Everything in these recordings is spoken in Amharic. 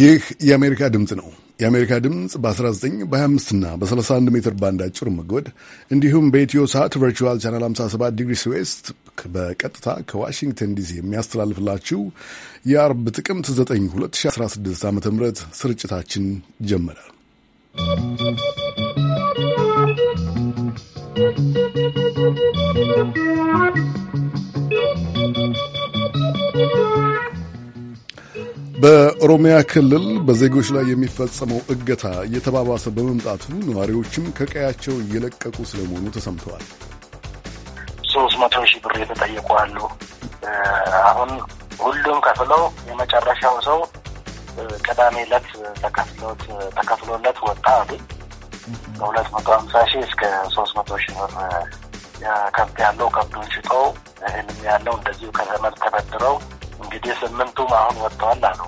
ይህ የአሜሪካ ድምፅ ነው። የአሜሪካ ድምፅ በ19 በ25 እና በ31 ሜትር ባንድ አጭር ሞገድ እንዲሁም በኢትዮ ሰዓት ቨርቹዋል ቻናል 57 ዲግሪ ስዌስት በቀጥታ ከዋሽንግተን ዲሲ የሚያስተላልፍላችሁ የአርብ ጥቅምት 9 2016 ዓ ም ስርጭታችን ጀመረ። ¶¶ በኦሮሚያ ክልል በዜጎች ላይ የሚፈጸመው እገታ እየተባባሰ በመምጣቱ ነዋሪዎችም ከቀያቸው እየለቀቁ ስለመሆኑ ተሰምተዋል። ሶስት መቶ ሺህ ብር የተጠየቁ አሉ። አሁን ሁሉም ከፍለው የመጨረሻው ሰው ቅዳሜ ዕለት ተከፍሎት ተከፍሎለት ወጣ አሉ። ከሁለት መቶ ሀምሳ ሺህ እስከ ሶስት መቶ ሺህ ብር ከብት ያለው ከብቱን ሽጦ እህልም ያለው እንደዚሁ ከዘመድ ተበድረው እንግዲህ ስምንቱ አሁን ወጥተዋል አሉ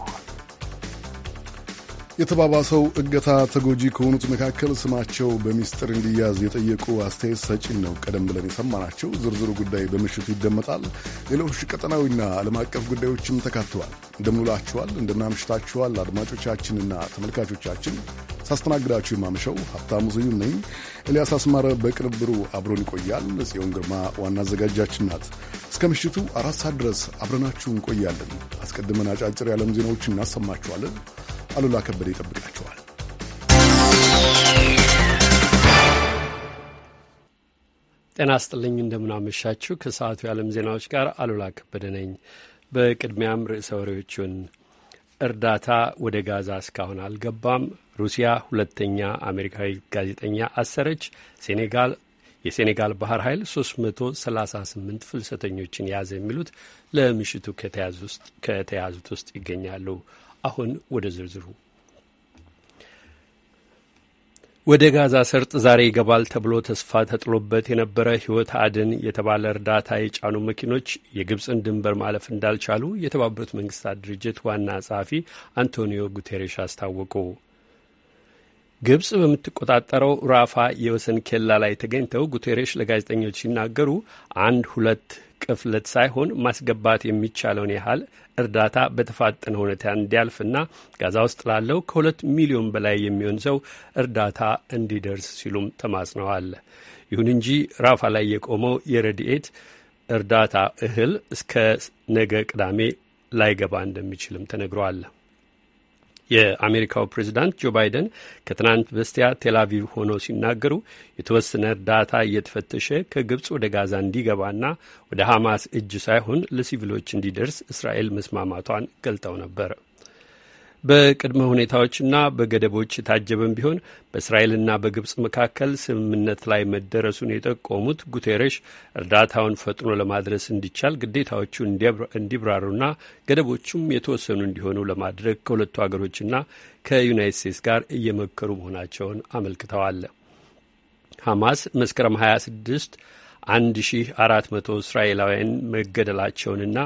የተባባሰው እገታ ተጎጂ ከሆኑት መካከል ስማቸው በሚስጥር እንዲያዝ የጠየቁ አስተያየት ሰጪን ነው ቀደም ብለን የሰማናቸው። ዝርዝሩ ጉዳይ በምሽቱ ይደመጣል። ሌሎች ቀጠናዊና ዓለም አቀፍ ጉዳዮችም ተካተዋል። እንደምንውላችኋል፣ እንደምናምሽታችኋል አድማጮቻችንና ተመልካቾቻችን ሳስተናግዳችሁ የማምሸው ሀብታሙ ስዩም ነኝ። ኤልያስ አስማረ በቅንብሩ አብሮን ይቆያል። ጽዮን ግርማ ዋና አዘጋጃችን ናት። እስከ ምሽቱ አራት ሰዓት ድረስ አብረናችሁ እንቆያለን። አስቀድመን አጫጭር የዓለም ዜናዎችን እናሰማችኋለን። አሉላ ከበደ ይጠብቃቸዋል። ጤና ስጥልኝ፣ እንደምናመሻችሁ። ከሰዓቱ የዓለም ዜናዎች ጋር አሉላ ከበደ ነኝ። በቅድሚያም ርዕሰ ወሬዎቹን፣ እርዳታ ወደ ጋዛ እስካሁን አልገባም፣ ሩሲያ ሁለተኛ አሜሪካዊ ጋዜጠኛ አሰረች፣ ሴኔጋል የሴኔጋል ባህር ኃይል 338 ፍልሰተኞችን ያዘ የሚሉት ለምሽቱ ከተያዙት ውስጥ ይገኛሉ። አሁን ወደ ዝርዝሩ ወደ ጋዛ ሰርጥ ዛሬ ይገባል ተብሎ ተስፋ ተጥሎበት የነበረ ሕይወት አድን የተባለ እርዳታ የጫኑ መኪኖች የግብፅን ድንበር ማለፍ እንዳልቻሉ የተባበሩት መንግስታት ድርጅት ዋና ጸሐፊ አንቶኒዮ ጉቴሬሽ አስታወቁ። ግብፅ በምትቆጣጠረው ራፋ የወሰን ኬላ ላይ ተገኝተው ጉቴሬሽ ለጋዜጠኞች ሲናገሩ አንድ ሁለት ቅፍለት ሳይሆን ማስገባት የሚቻለውን ያህል እርዳታ በተፋጠነ ሁኔታ እንዲያልፍና ጋዛ ውስጥ ላለው ከሁለት ሚሊዮን በላይ የሚሆን ሰው እርዳታ እንዲደርስ ሲሉም ተማጽነዋል። ይሁን እንጂ ራፋ ላይ የቆመው የረድኤት እርዳታ እህል እስከ ነገ ቅዳሜ ላይገባ እንደሚችልም ተነግሯል። የአሜሪካው ፕሬዚዳንት ጆ ባይደን ከትናንት በስቲያ ቴላቪቭ ሆነው ሲናገሩ የተወሰነ እርዳታ እየተፈተሸ ከግብፅ ወደ ጋዛ እንዲገባና ወደ ሐማስ እጅ ሳይሆን ለሲቪሎች እንዲደርስ እስራኤል መስማማቷን ገልጠው ነበር። በቅድመ ሁኔታዎችና በገደቦች የታጀበም ቢሆን በእስራኤልና በግብፅ መካከል ስምምነት ላይ መደረሱን የጠቆሙት ጉቴረሽ እርዳታውን ፈጥኖ ለማድረስ እንዲቻል ግዴታዎቹ እንዲብራሩና ገደቦቹም የተወሰኑ እንዲሆኑ ለማድረግ ከሁለቱ ሀገሮችና ከዩናይት ስቴትስ ጋር እየመከሩ መሆናቸውን አመልክተዋል። ሐማስ መስከረም 26 አንድ ሺህ አራት መቶ እስራኤላውያን መገደላቸውንና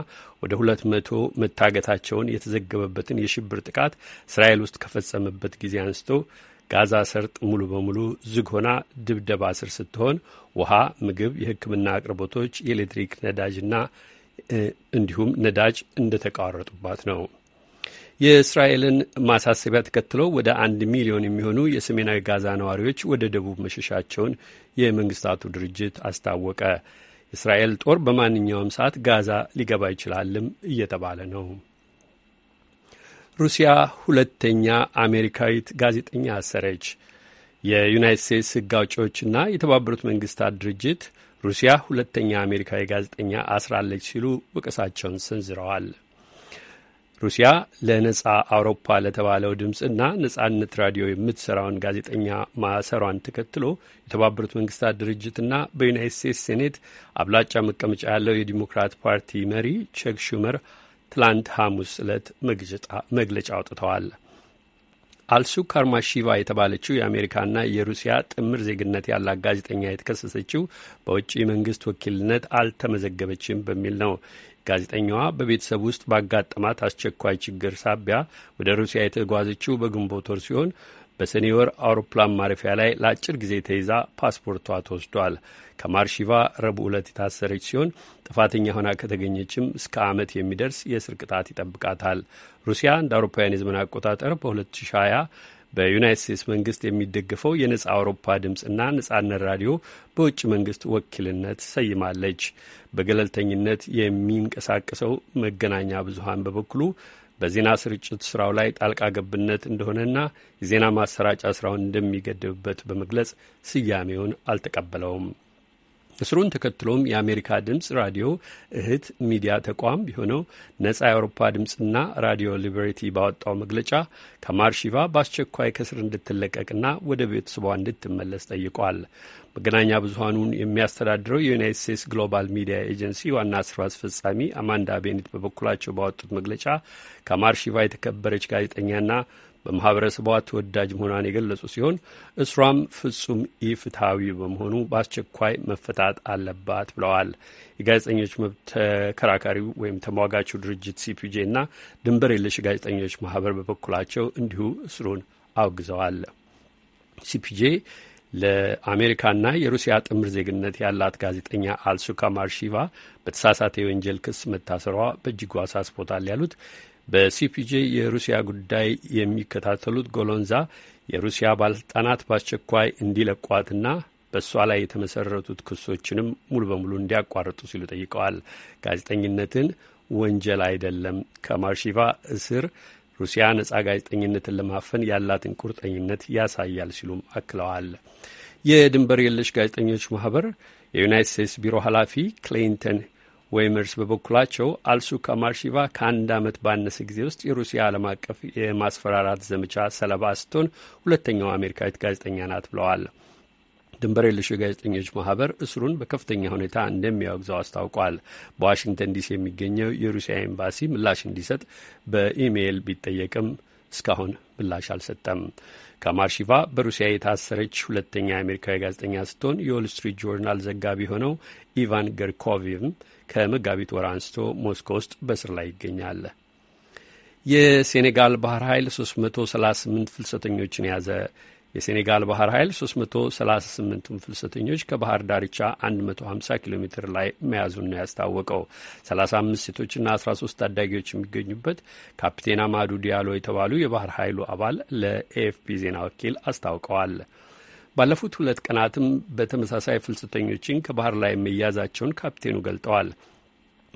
ወደ ሁለት መቶ መታገታቸውን የተዘገበበትን የሽብር ጥቃት እስራኤል ውስጥ ከፈጸመበት ጊዜ አንስቶ ጋዛ ሰርጥ ሙሉ በሙሉ ዝግ ሆና ድብደባ ስር ስትሆን ውሃ፣ ምግብ፣ የሕክምና አቅርቦቶች፣ የኤሌክትሪክ ነዳጅና እንዲሁም ነዳጅ እንደተቋረጡባት ነው። የእስራኤልን ማሳሰቢያ ተከትሎ ወደ አንድ ሚሊዮን የሚሆኑ የሰሜናዊ ጋዛ ነዋሪዎች ወደ ደቡብ መሸሻቸውን የመንግስታቱ ድርጅት አስታወቀ። የእስራኤል ጦር በማንኛውም ሰዓት ጋዛ ሊገባ ይችላልም እየተባለ ነው። ሩሲያ ሁለተኛ አሜሪካዊት ጋዜጠኛ አሰረች። የዩናይት ስቴትስ ሕግ አውጪዎችና የተባበሩት መንግስታት ድርጅት ሩሲያ ሁለተኛ አሜሪካዊ ጋዜጠኛ አስራለች ሲሉ ወቀሳቸውን ሰንዝረዋል። ሩሲያ ለነጻ አውሮፓ ለተባለው ድምፅና ነጻነት ራዲዮ የምትሰራውን ጋዜጠኛ ማሰሯን ተከትሎ የተባበሩት መንግስታት ድርጅትና በዩናይት ስቴትስ ሴኔት አብላጫ መቀመጫ ያለው የዲሞክራት ፓርቲ መሪ ቸክ ሹመር ትላንት ሐሙስ ዕለት መግለጫ አውጥተዋል። አልሱ ካርማሺቫ የተባለችው የአሜሪካና የሩሲያ ጥምር ዜግነት ያላት ጋዜጠኛ የተከሰሰችው በውጭ መንግስት ወኪልነት አልተመዘገበችም በሚል ነው። ጋዜጠኛዋ በቤተሰብ ውስጥ ባጋጠማት አስቸኳይ ችግር ሳቢያ ወደ ሩሲያ የተጓዘችው በግንቦት ወር ሲሆን በሰኔ ወር አውሮፕላን ማረፊያ ላይ ለአጭር ጊዜ ተይዛ ፓስፖርቷ ተወስዷል። ከማርሺቫ ረቡዕ ዕለት የታሰረች ሲሆን ጥፋተኛ ሆና ከተገኘችም እስከ ዓመት የሚደርስ የእስር ቅጣት ይጠብቃታል። ሩሲያ እንደ አውሮፓውያን የዘመን አቆጣጠር በ2020 በዩናይት ስቴትስ መንግስት የሚደግፈው የነጻ አውሮፓ ድምፅና ነጻነት ራዲዮ በውጭ መንግስት ወኪልነት ሰይማለች። በገለልተኝነት የሚንቀሳቀሰው መገናኛ ብዙሀን በበኩሉ በዜና ስርጭት ስራው ላይ ጣልቃ ገብነት እንደሆነና የዜና ማሰራጫ ስራውን እንደሚገድብበት በመግለጽ ስያሜውን አልተቀበለውም። እስሩን ተከትሎም የአሜሪካ ድምፅ ራዲዮ እህት ሚዲያ ተቋም የሆነው ነጻ የአውሮፓ ድምፅና ራዲዮ ሊበሪቲ ባወጣው መግለጫ ከማርሺቫ በአስቸኳይ ከእስር እንድትለቀቅና ወደ ቤተሰቧ እንድትመለስ ጠይቋል። መገናኛ ብዙሀኑን የሚያስተዳድረው የዩናይት ስቴትስ ግሎባል ሚዲያ ኤጀንሲ ዋና ስራ አስፈጻሚ አማንዳ ቤኒት በበኩላቸው ባወጡት መግለጫ ከማርሺቫ የተከበረች ጋዜጠኛና በማህበረሰቧ ተወዳጅ መሆኗን የገለጹ ሲሆን እስሯም ፍጹም ኢፍትሐዊ በመሆኑ በአስቸኳይ መፈታት አለባት ብለዋል። የጋዜጠኞች መብት ተከራካሪው ወይም ተሟጋቹ ድርጅት ሲፒጄ እና ድንበር የለሽ ጋዜጠኞች ማህበር በበኩላቸው እንዲሁ እስሩን አውግዘዋል። ሲፒጄ ለአሜሪካና የሩሲያ ጥምር ዜግነት ያላት ጋዜጠኛ አልሱካ ማርሺቫ በተሳሳተ የወንጀል ክስ መታሰሯ በእጅጉ አሳስቦታል ያሉት በሲፒጄ የሩሲያ ጉዳይ የሚከታተሉት ጎሎንዛ የሩሲያ ባለስልጣናት በአስቸኳይ እንዲለቋትና በእሷ ላይ የተመሰረቱት ክሶችንም ሙሉ በሙሉ እንዲያቋርጡ ሲሉ ጠይቀዋል። ጋዜጠኝነትን ወንጀል አይደለም፣ ከማርሺቫ እስር ሩሲያ ነጻ ጋዜጠኝነትን ለማፈን ያላትን ቁርጠኝነት ያሳያል ሲሉም አክለዋል። የድንበር የለሽ ጋዜጠኞች ማህበር የዩናይት ስቴትስ ቢሮ ኃላፊ ክሊንተን ወይመርስ በበኩላቸው አልሱ ከማርሺቫ ከአንድ ዓመት ባነሰ ጊዜ ውስጥ የሩሲያ ዓለም አቀፍ የማስፈራራት ዘመቻ ሰለባ ስትሆን ሁለተኛው አሜሪካዊት ጋዜጠኛ ናት ብለዋል። ድንበር የለሽ የጋዜጠኞች ማህበር እስሩን በከፍተኛ ሁኔታ እንደሚያወግዘው አስታውቋል። በዋሽንግተን ዲሲ የሚገኘው የሩሲያ ኤምባሲ ምላሽ እንዲሰጥ በኢሜይል ቢጠየቅም እስካሁን ምላሽ አልሰጠም። ከማርሺቫ በሩሲያ የታሰረች ሁለተኛ አሜሪካዊ ጋዜጠኛ ስትሆን የዎል ስትሪት ጆርናል ዘጋቢ የሆነው ኢቫን ገርኮቪም ከመጋቢት ወር አንስቶ ሞስኮ ውስጥ በእስር ላይ ይገኛል። የሴኔጋል ባህር ኃይል 338 ፍልሰተኞችን ያዘ። የሴኔጋል ባህር ኃይል 338ቱን ፍልሰተኞች ከባህር ዳርቻ 150 ኪሎ ሜትር ላይ መያዙን ነው ያስታወቀው። 35 ሴቶችና 13 ታዳጊዎች የሚገኙበት ካፕቴን አማዱ ዲያሎ የተባሉ የባህር ኃይሉ አባል ለኤኤፍፒ ዜና ወኪል አስታውቀዋል። ባለፉት ሁለት ቀናትም በተመሳሳይ ፍልሰተኞችን ከባህር ላይ መያዛቸውን ካፕቴኑ ገልጠዋል።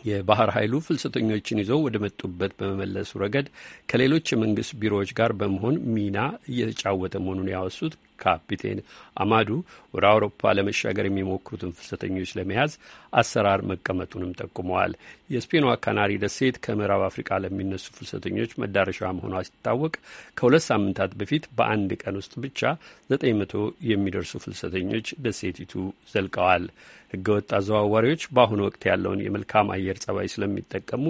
የባህር ኃይሉ ፍልሰተኞችን ይዞ ወደ መጡበት በመመለሱ ረገድ ከሌሎች የመንግስት ቢሮዎች ጋር በመሆን ሚና እየተጫወተ መሆኑን ያወሱት ካፒቴን አማዱ ወደ አውሮፓ ለመሻገር የሚሞክሩትን ፍልሰተኞች ለመያዝ አሰራር መቀመጡንም ጠቁመዋል። የስፔኗ ካናሪ ደሴት ከምዕራብ አፍሪቃ ለሚነሱ ፍልሰተኞች መዳረሻ መሆኗ ሲታወቅ ከሁለት ሳምንታት በፊት በአንድ ቀን ውስጥ ብቻ ዘጠኝ መቶ የሚደርሱ ፍልሰተኞች ደሴቲቱ ዘልቀዋል። ህገወጥ አዘዋዋሪዎች በአሁኑ ወቅት ያለውን የመልካም አየር ጸባይ ስለሚጠቀሙ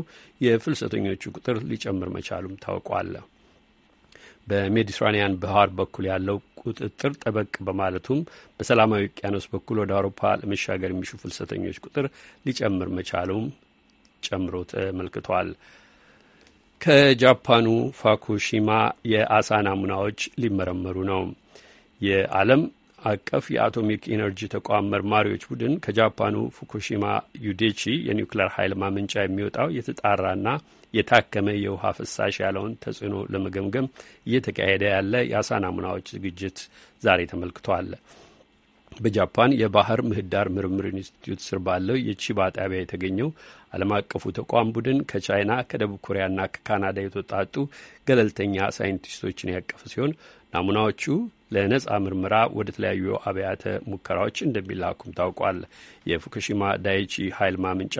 የፍልሰተኞቹ ቁጥር ሊጨምር መቻሉም ታውቋል። በሜዲትራኒያን ባህር በኩል ያለው ቁጥጥር ጠበቅ በማለቱም በሰላማዊ ውቅያኖስ በኩል ወደ አውሮፓ ለመሻገር የሚሹ ፍልሰተኞች ቁጥር ሊጨምር መቻሉም ጨምሮ ተመልክቷል። ከጃፓኑ ፋኩሺማ የአሳ ናሙናዎች ሊመረመሩ ነው። የዓለም አቀፍ የአቶሚክ ኢነርጂ ተቋም መርማሪዎች ቡድን ከጃፓኑ ፉኩሺማ ዩዴቺ የኒውክሌር ኃይል ማመንጫ የሚወጣው የተጣራና የታከመ የውሃ ፍሳሽ ያለውን ተጽዕኖ ለመገምገም እየተካሄደ ያለ የአሳ ናሙናዎች ዝግጅት ዛሬ ተመልክቷል። በጃፓን የባህር ምህዳር ምርምር ኢንስቲትዩት ስር ባለው የቺባ ጣቢያ የተገኘው ዓለም አቀፉ ተቋም ቡድን ከቻይና ከደቡብ ኮሪያና ከካናዳ የተወጣጡ ገለልተኛ ሳይንቲስቶችን ያቀፈ ሲሆን ናሙናዎቹ ለነጻ ምርመራ ወደ ተለያዩ አብያተ ሙከራዎች እንደሚላኩም ታውቋል። የፉኩሺማ ዳይቺ ኃይል ማምንጫ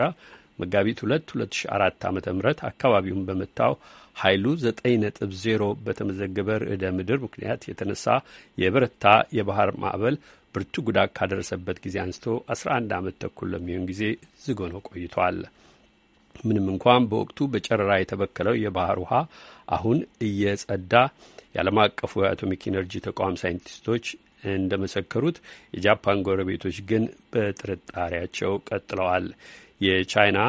መጋቢት 2 2004 ዓ ም አካባቢውን በመታው ኃይሉ 9.0 በተመዘገበ ርዕደ ምድር ምክንያት የተነሳ የበረታ የባህር ማዕበል ብርቱ ጉዳት ካደረሰበት ጊዜ አንስቶ 11 ዓመት ተኩል ለሚሆን ጊዜ ዝግ ሆኖ ቆይቷል። ምንም እንኳን በወቅቱ በጨረራ የተበከለው የባህር ውሃ አሁን እየጸዳ የዓለም አቀፉ የአቶሚክ ኢነርጂ ተቋም ሳይንቲስቶች እንደመሰከሩት የጃፓን ጎረቤቶች ግን በጥርጣሬያቸው ቀጥለዋል። የቻይና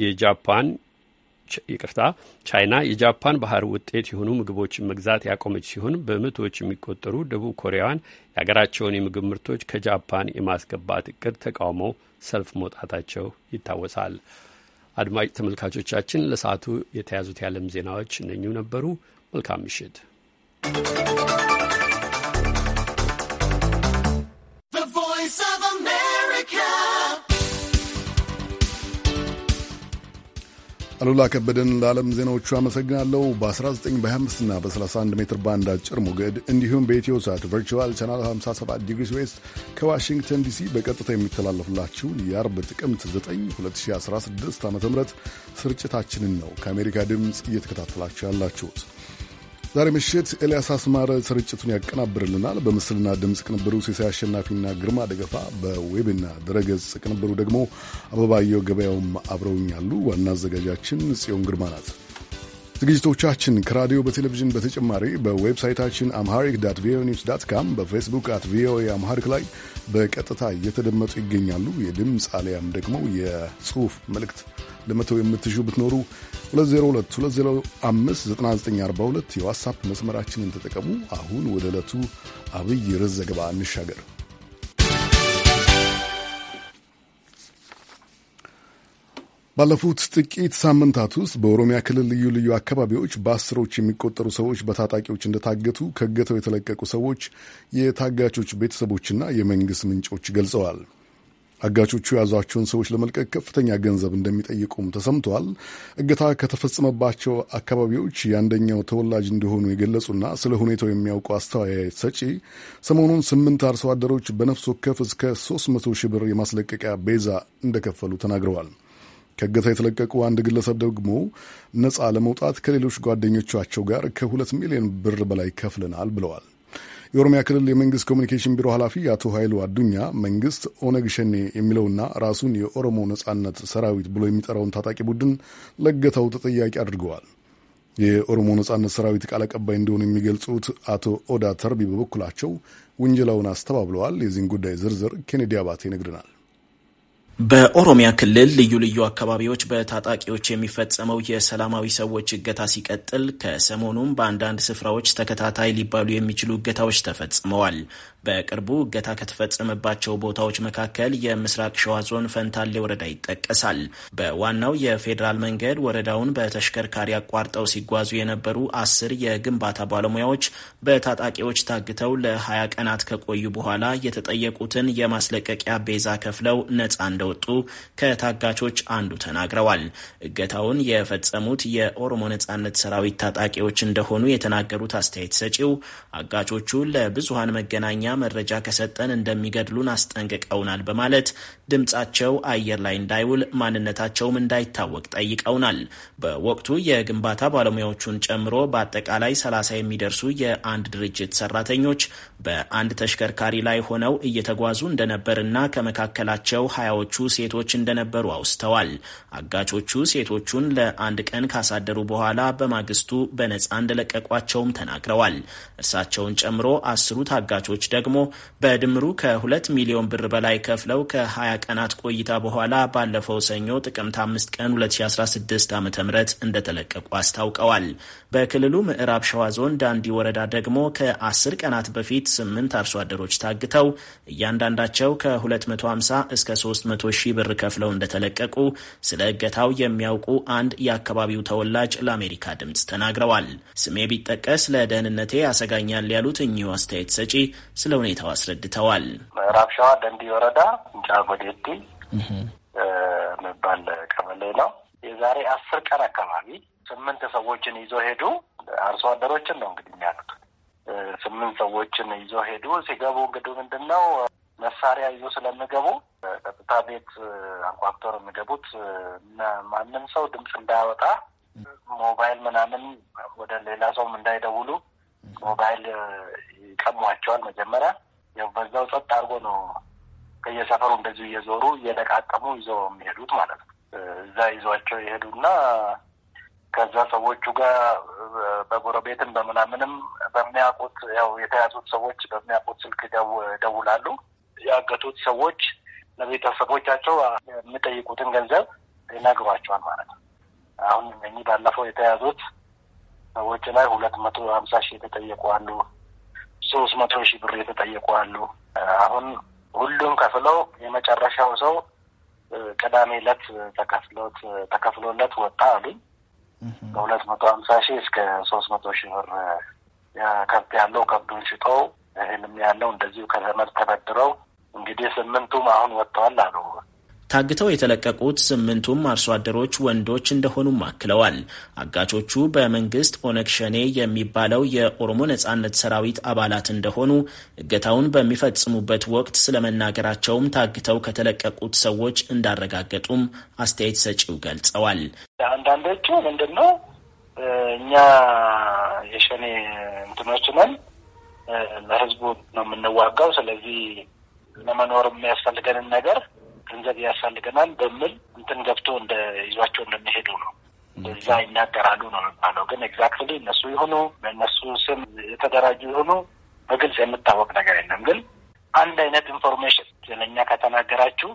የጃፓን ይቅርታ ቻይና የጃፓን ባህር ውጤት የሆኑ ምግቦችን መግዛት ያቆመች ሲሆን በመቶዎች የሚቆጠሩ ደቡብ ኮሪያውያን የሀገራቸውን የምግብ ምርቶች ከጃፓን የማስገባት እቅድ ተቃውመው ሰልፍ መውጣታቸው ይታወሳል። አድማጭ ተመልካቾቻችን ለሰዓቱ የተያዙት የዓለም ዜናዎች እነኙ ነበሩ። መልካም ምሽት። አሉላ ከበደን ለዓለም ዜናዎቹ አመሰግናለሁ። በ19 በ25ና በ31 ሜትር ባንድ አጭር ሞገድ እንዲሁም በኢትዮ ሳት ቨርቹዋል ቻናል 57 ዲግሪስ ዌስት ከዋሽንግተን ዲሲ በቀጥታ የሚተላለፍላችሁ የአርብ ጥቅምት 9 2016 ዓ ም ስርጭታችንን ነው ከአሜሪካ ድምፅ እየተከታተላችሁ ያላችሁት። ዛሬ ምሽት ኤልያስ አስማረ ስርጭቱን ያቀናብርልናል። በምስልና ድምፅ ቅንብሩ ሴሳ አሸናፊና ግርማ ደገፋ፣ በዌብና ድረገጽ ቅንብሩ ደግሞ አበባየው ገበያውም አብረውኛሉ። ዋና አዘጋጃችን ጽዮን ግርማ ናት። ዝግጅቶቻችን ከራዲዮ በቴሌቪዥን በተጨማሪ በዌብሳይታችን አምሃሪክ ዳት ቪኦኤ ኒውስ ዳት ካም፣ በፌስቡክ አት ቪኦኤ አምሃሪክ ላይ በቀጥታ እየተደመጡ ይገኛሉ። የድምፅ አሊያም ደግሞ የጽሁፍ መልእክት ለመተው የምትሹ ብትኖሩ 2022059942 የዋትሳፕ መስመራችንን ተጠቀሙ። አሁን ወደ ዕለቱ አብይ ርዕስ ዘገባ እንሻገር። ባለፉት ጥቂት ሳምንታት ውስጥ በኦሮሚያ ክልል ልዩ ልዩ አካባቢዎች በአስሮች የሚቆጠሩ ሰዎች በታጣቂዎች እንደታገቱ ከገተው የተለቀቁ ሰዎች የታጋቾች ቤተሰቦችና የመንግሥት ምንጮች ገልጸዋል። አጋቾቹ የያዟቸውን ሰዎች ለመልቀቅ ከፍተኛ ገንዘብ እንደሚጠይቁም ተሰምተዋል። እገታ ከተፈጸመባቸው አካባቢዎች የአንደኛው ተወላጅ እንደሆኑ የገለጹና ስለ ሁኔታው የሚያውቁ አስተያየት ሰጪ ሰሞኑን ስምንት አርሶ አደሮች በነፍስ ወከፍ እስከ 300 ሺህ ብር የማስለቀቂያ ቤዛ እንደከፈሉ ተናግረዋል። ከእገታ የተለቀቁ አንድ ግለሰብ ደግሞ ነፃ ለመውጣት ከሌሎች ጓደኞቻቸው ጋር ከሁለት ሚሊዮን ብር በላይ ከፍለናል ብለዋል። የኦሮሚያ ክልል የመንግስት ኮሚኒኬሽን ቢሮ ኃላፊ አቶ ኃይሉ አዱኛ መንግስት ኦነግ ሸኔ የሚለውና ራሱን የኦሮሞ ነጻነት ሰራዊት ብሎ የሚጠራውን ታጣቂ ቡድን ለገታው ተጠያቂ አድርገዋል። የኦሮሞ ነጻነት ሰራዊት ቃል አቀባይ እንደሆኑ የሚገልጹት አቶ ኦዳ ተርቢ በበኩላቸው ውንጀላውን አስተባብለዋል። የዚህን ጉዳይ ዝርዝር ኬኔዲ አባቴ ይነግረናል። በኦሮሚያ ክልል ልዩ ልዩ አካባቢዎች በታጣቂዎች የሚፈጸመው የሰላማዊ ሰዎች እገታ ሲቀጥል ከሰሞኑም በአንዳንድ ስፍራዎች ተከታታይ ሊባሉ የሚችሉ እገታዎች ተፈጽመዋል። በቅርቡ እገታ ከተፈጸመባቸው ቦታዎች መካከል የምስራቅ ሸዋ ዞን ፈንታሌ ወረዳ ይጠቀሳል። በዋናው የፌዴራል መንገድ ወረዳውን በተሽከርካሪ አቋርጠው ሲጓዙ የነበሩ አስር የግንባታ ባለሙያዎች በታጣቂዎች ታግተው ለሀያ ቀናት ከቆዩ በኋላ የተጠየቁትን የማስለቀቂያ ቤዛ ከፍለው ነጻ እንደወጡ ከታጋቾች አንዱ ተናግረዋል። እገታውን የፈጸሙት የኦሮሞ ነጻነት ሰራዊት ታጣቂዎች እንደሆኑ የተናገሩት አስተያየት ሰጪው አጋቾቹ ለብዙሀን መገናኛ መረጃ ከሰጠን እንደሚገድሉን አስጠንቅቀውናል በማለት ድምጻቸው አየር ላይ እንዳይውል ማንነታቸውም እንዳይታወቅ ጠይቀውናል። በወቅቱ የግንባታ ባለሙያዎቹን ጨምሮ በአጠቃላይ ሰላሳ የሚደርሱ የአንድ ድርጅት ሰራተኞች በአንድ ተሽከርካሪ ላይ ሆነው እየተጓዙ እንደነበርና ከመካከላቸው ሀያዎቹ ሴቶች እንደነበሩ አውስተዋል። አጋቾቹ ሴቶቹን ለአንድ ቀን ካሳደሩ በኋላ በማግስቱ በነፃ እንደለቀቋቸውም ተናግረዋል። እርሳቸውን ጨምሮ አስሩ ታጋቾች ደግሞ ደግሞ በድምሩ ከሁለት ሚሊዮን ብር በላይ ከፍለው ከ20 ቀናት ቆይታ በኋላ ባለፈው ሰኞ ጥቅምት 5 ቀን 2016 ዓ ም እንደተለቀቁ አስታውቀዋል። በክልሉ ምዕራብ ሸዋ ዞን ዳንዲ ወረዳ ደግሞ ከ10 ቀናት በፊት ስምንት አርሶ አደሮች ታግተው እያንዳንዳቸው ከ250 እስከ 300 ሺህ ብር ከፍለው እንደተለቀቁ ስለ እገታው የሚያውቁ አንድ የአካባቢው ተወላጅ ለአሜሪካ ድምፅ ተናግረዋል። ስሜ ቢጠቀስ ለደህንነቴ ያሰጋኛል ያሉት እኚሁ አስተያየት ሰጪ ስለ ስለ ሁኔታው አስረድተዋል። ምዕራብ ሸዋ ደንዲ ወረዳ እንጫ ጎዴቲ የሚባል ቀበሌ ነው። የዛሬ አስር ቀን አካባቢ ስምንት ሰዎችን ይዞ ሄዱ። አርሶ አደሮችን ነው እንግዲህ የሚያሉት። ስምንት ሰዎችን ይዞ ሄዱ። ሲገቡ እንግዲህ ምንድን ነው መሳሪያ ይዞ ስለሚገቡ ቀጥታ ቤት አንኳኩቶ ነው የሚገቡት ማንም ሰው ድምፅ እንዳያወጣ ሞባይል ምናምን ወደ ሌላ ሰውም እንዳይደውሉ ሞባይል ይቀሟቸዋል። መጀመሪያ ያው በዛው ጸጥ አድርጎ ነው ከየሰፈሩ እንደዚሁ እየዞሩ እየለቃቀሙ ይዞ የሚሄዱት ማለት ነው። እዛ ይዟቸው ይሄዱና ከዛ ሰዎቹ ጋር በጎረቤትም በምናምንም በሚያውቁት ያው የተያዙት ሰዎች በሚያውቁት ስልክ ደውላሉ። ያገቱት ሰዎች ለቤተሰቦቻቸው የሚጠይቁትን ገንዘብ ይነግሯቸዋል ማለት ነው። አሁን እኚህ ባለፈው የተያዙት ሰዎች ላይ ሁለት መቶ ሀምሳ ሺህ የተጠየቁ አሉ። ሶስት መቶ ሺህ ብር የተጠየቁ አሉ። አሁን ሁሉም ከፍለው የመጨረሻው ሰው ቅዳሜ ዕለት ተከፍሎት ተከፍሎለት ወጣ አሉኝ። ከሁለት መቶ ሀምሳ ሺህ እስከ ሶስት መቶ ሺህ ብር ከብት ያለው ከብቱን ሽጦ እህልም ያለው እንደዚሁ ከዘመድ ተበድረው እንግዲህ ስምንቱም አሁን ወጥተዋል አሉ ታግተው የተለቀቁት ስምንቱም አርሶ አደሮች ወንዶች እንደሆኑም አክለዋል። አጋቾቹ በመንግስት ኦነግ ሸኔ የሚባለው የኦሮሞ ነጻነት ሰራዊት አባላት እንደሆኑ እገታውን በሚፈጽሙበት ወቅት ስለመናገራቸውም ታግተው ከተለቀቁት ሰዎች እንዳረጋገጡም አስተያየት ሰጪው ገልጸዋል። አንዳንዶቹ ምንድን ነው እኛ የሸኔ እንትኖች ነን፣ ለህዝቡ ነው የምንዋጋው፣ ስለዚህ ለመኖር የሚያስፈልገንን ነገር ገንዘብ ያስፈልገናል በሚል እንትን ገብቶ እንደ ይዟቸው እንደሚሄዱ ነው እዛ ይናገራሉ ነው የሚባለው። ግን ኤግዛክትሊ እነሱ የሆኑ በእነሱ ስም የተደራጁ የሆኑ በግልጽ የምታወቅ ነገር የለም። ግን አንድ አይነት ኢንፎርሜሽን ስለኛ ከተናገራችሁ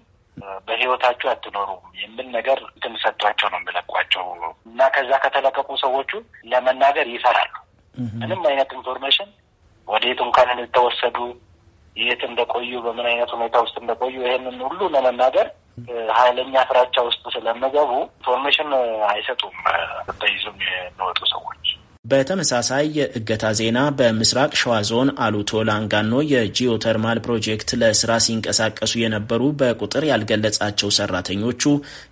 በህይወታችሁ አትኖሩም የሚል ነገር እንትን ሰጥቷቸው ነው የሚለቋቸው እና ከዛ ከተለቀቁ ሰዎቹ ለመናገር ይፈራሉ። ምንም አይነት ኢንፎርሜሽን ወዴት እንኳን እንደተወሰዱ የት እንደቆዩ በምን አይነት ሁኔታ ውስጥ እንደቆዩ ይህንን ሁሉ ለመናገር ኃይለኛ ፍራቻ ውስጥ ስለሚገቡ ኢንፎርሜሽን አይሰጡም። ተይዞ የሚወጡ ሰዎች በተመሳሳይ የእገታ ዜና በምስራቅ ሸዋ ዞን አሉቶ ላንጋኖ የጂኦተርማል ፕሮጀክት ለስራ ሲንቀሳቀሱ የነበሩ በቁጥር ያልገለጻቸው ሰራተኞቹ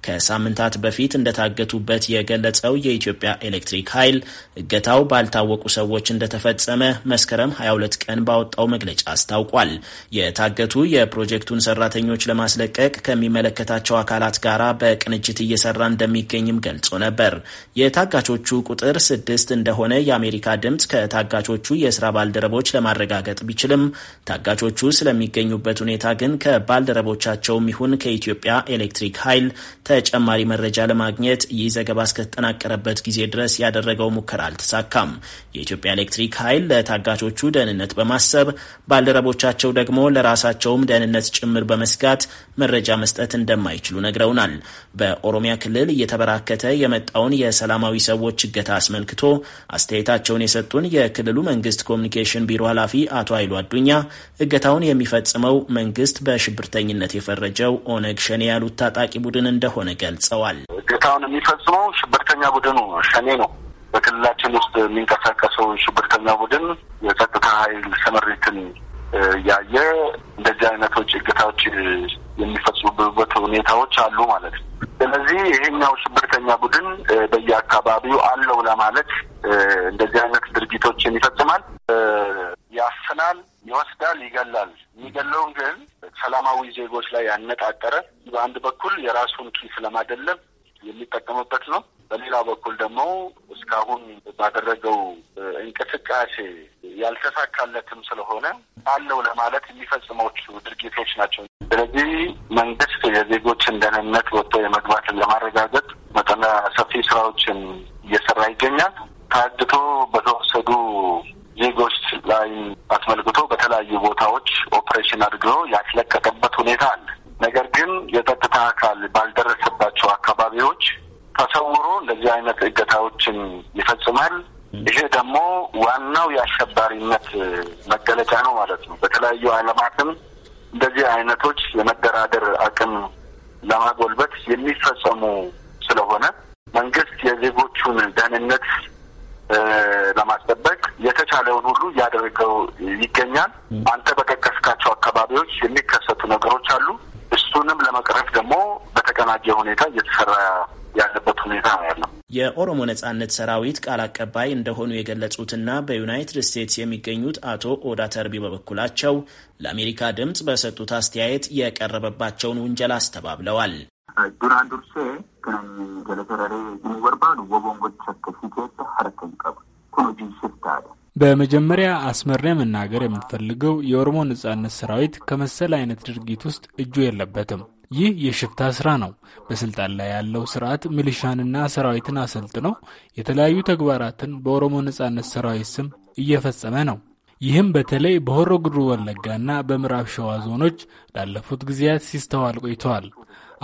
ከሳምንታት በፊት እንደታገቱበት የገለጸው የኢትዮጵያ ኤሌክትሪክ ኃይል እገታው ባልታወቁ ሰዎች እንደተፈጸመ መስከረም 22 ቀን ባወጣው መግለጫ አስታውቋል። የታገቱ የፕሮጀክቱን ሰራተኞች ለማስለቀቅ ከሚመለከታቸው አካላት ጋራ በቅንጅት እየሰራ እንደሚገኝም ገልጾ ነበር። የታጋቾቹ ቁጥር ስድስት እንደሆነ እንደሆነ የአሜሪካ ድምፅ ከታጋቾቹ የስራ ባልደረቦች ለማረጋገጥ ቢችልም ታጋቾቹ ስለሚገኙበት ሁኔታ ግን ከባልደረቦቻቸውም ይሁን ከኢትዮጵያ ኤሌክትሪክ ኃይል ተጨማሪ መረጃ ለማግኘት ይህ ዘገባ እስከተጠናቀረበት ጊዜ ድረስ ያደረገው ሙከራ አልተሳካም። የኢትዮጵያ ኤሌክትሪክ ኃይል ለታጋቾቹ ደህንነት በማሰብ ባልደረቦቻቸው ደግሞ ለራሳቸውም ደህንነት ጭምር በመስጋት መረጃ መስጠት እንደማይችሉ ነግረውናል። በኦሮሚያ ክልል እየተበራከተ የመጣውን የሰላማዊ ሰዎች እገታ አስመልክቶ አስተያየታቸውን የሰጡን የክልሉ መንግስት ኮሚኒኬሽን ቢሮ ኃላፊ አቶ አይሉ አዱኛ እገታውን የሚፈጽመው መንግስት በሽብርተኝነት የፈረጀው ኦነግ ሸኔ ያሉት ታጣቂ ቡድን እንደሆነ ገልጸዋል። እገታውን የሚፈጽመው ሽብርተኛ ቡድኑ ሸኔ ነው። በክልላችን ውስጥ የሚንቀሳቀሰው ሽብርተኛ ቡድን የጸጥታ ኃይል ስምሪትን ያየ እንደዚህ አይነቶች እገታዎች የሚፈጽሙበት ሁኔታዎች አሉ ማለት ነው። ስለዚህ ይሄኛው ሽብርተኛ ቡድን በየአካባቢው አለው ለማለት እንደዚህ አይነት ድርጊቶችን ይፈጽማል፣ ያፍናል፣ ይወስዳል፣ ይገላል። የሚገለውን ግን ሰላማዊ ዜጎች ላይ ያነጣጠረ በአንድ በኩል የራሱን ኪስ ለማደለብ የሚጠቀምበት ነው። በሌላ በኩል ደግሞ እስካሁን ባደረገው እንቅስቃሴ ያልተሳካለትም ስለሆነ አለው ለማለት የሚፈጽሞች ድርጊቶች ናቸው። ስለዚህ መንግስት የዜጎችን ደህንነት ወጥቶ የመግባትን ለማረጋገጥ መጠነ ሰፊ ስራዎችን እየሰራ ይገኛል። ታግቶ በተወሰዱ ዜጎች ላይ አስመልክቶ በተለያዩ ቦታዎች ኦፕሬሽን አድርጎ ያስለቀቀበት ሁኔታ አለ። ነገር ግን የጸጥታ አካል ባልደረሰባቸው አካባቢዎች ተሰውሮ እንደዚህ አይነት እገታዎችን ይፈጽማል። ይሄ ደግሞ ዋናው የአሸባሪነት መገለጫ ነው ማለት ነው። በተለያዩ ዓለማትም እንደዚህ አይነቶች የመደራደር አቅም ለማጎልበት የሚፈጸሙ ስለሆነ መንግስት የዜጎቹን ደህንነት ለማስጠበቅ የተቻለውን ሁሉ እያደረገው ይገኛል። አንተ በጠቀስካቸው አካባቢዎች የሚከሰቱ ነገሮች አሉ። እሱንም ለመቅረፍ ደግሞ በተቀናጀ ሁኔታ እየተሰራ ያለበት ሁኔታ ነው ያለው። የኦሮሞ ነጻነት ሰራዊት ቃል አቀባይ እንደሆኑ የገለጹትና በዩናይትድ ስቴትስ የሚገኙት አቶ ኦዳ ተርቢ በበኩላቸው ለአሜሪካ ድምፅ በሰጡት አስተያየት የቀረበባቸውን ውንጀላ አስተባብለዋል። ዱራ ዱርሴ ወቦንጎች አለ በመጀመሪያ አስመሪያ መናገር የምትፈልገው የኦሮሞ ነጻነት ሰራዊት ከመሰል አይነት ድርጊት ውስጥ እጁ የለበትም። ይህ የሽፍታ ስራ ነው። በስልጣን ላይ ያለው ስርዓት ሚሊሻንና ሰራዊትን አሰልጥኖ የተለያዩ ተግባራትን በኦሮሞ ነጻነት ሰራዊት ስም እየፈጸመ ነው። ይህም በተለይ በሆሮ ጉድሩ ወለጋና በምዕራብ ሸዋ ዞኖች ላለፉት ጊዜያት ሲስተዋል ቆይተዋል።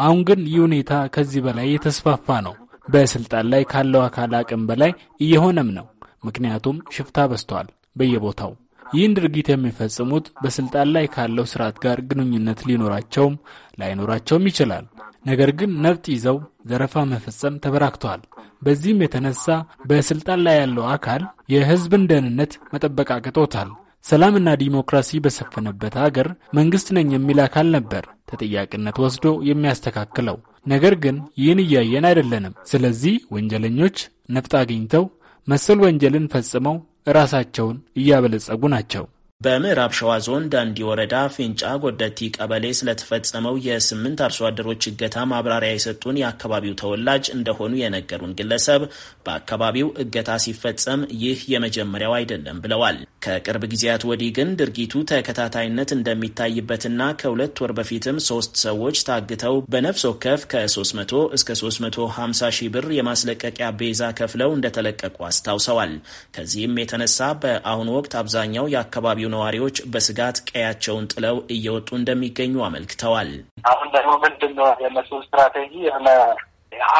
አሁን ግን ይህ ሁኔታ ከዚህ በላይ የተስፋፋ ነው። በስልጣን ላይ ካለው አካል አቅም በላይ እየሆነም ነው። ምክንያቱም ሽፍታ በዝተዋል በየቦታው ይህን ድርጊት የሚፈጽሙት በስልጣን ላይ ካለው ስርዓት ጋር ግንኙነት ሊኖራቸውም ላይኖራቸውም ይችላል። ነገር ግን ነፍጥ ይዘው ዘረፋ መፈጸም ተበራክቷል። በዚህም የተነሳ በስልጣን ላይ ያለው አካል የህዝብን ደህንነት መጠበቅ አቅቶታል። ሰላምና ዲሞክራሲ በሰፈነበት አገር መንግስት ነኝ የሚል አካል ነበር ተጠያቂነት ወስዶ የሚያስተካክለው። ነገር ግን ይህን እያየን አይደለንም። ስለዚህ ወንጀለኞች ነፍጥ አግኝተው መሰል ወንጀልን ፈጽመው ራሳቸውን እያበለጸጉ ናቸው። በምዕራብ ሸዋ ዞን ዳንዲ ወረዳ ፊንጫ ጎደቲ ቀበሌ ስለተፈጸመው የስምንት አርሶ አደሮች እገታ ማብራሪያ የሰጡን የአካባቢው ተወላጅ እንደሆኑ የነገሩን ግለሰብ በአካባቢው እገታ ሲፈጸም ይህ የመጀመሪያው አይደለም ብለዋል። ከቅርብ ጊዜያት ወዲህ ግን ድርጊቱ ተከታታይነት እንደሚታይበትና ከሁለት ወር በፊትም ሶስት ሰዎች ታግተው በነፍስ ወከፍ ከ300 እስከ 350 ሺህ ብር የማስለቀቂያ ቤዛ ከፍለው እንደተለቀቁ አስታውሰዋል። ከዚህም የተነሳ በአሁኑ ወቅት አብዛኛው የአካባቢው ነዋሪዎች በስጋት ቀያቸውን ጥለው እየወጡ እንደሚገኙ አመልክተዋል። አሁን ደግሞ ምንድን ነው የነሱ ስትራቴጂ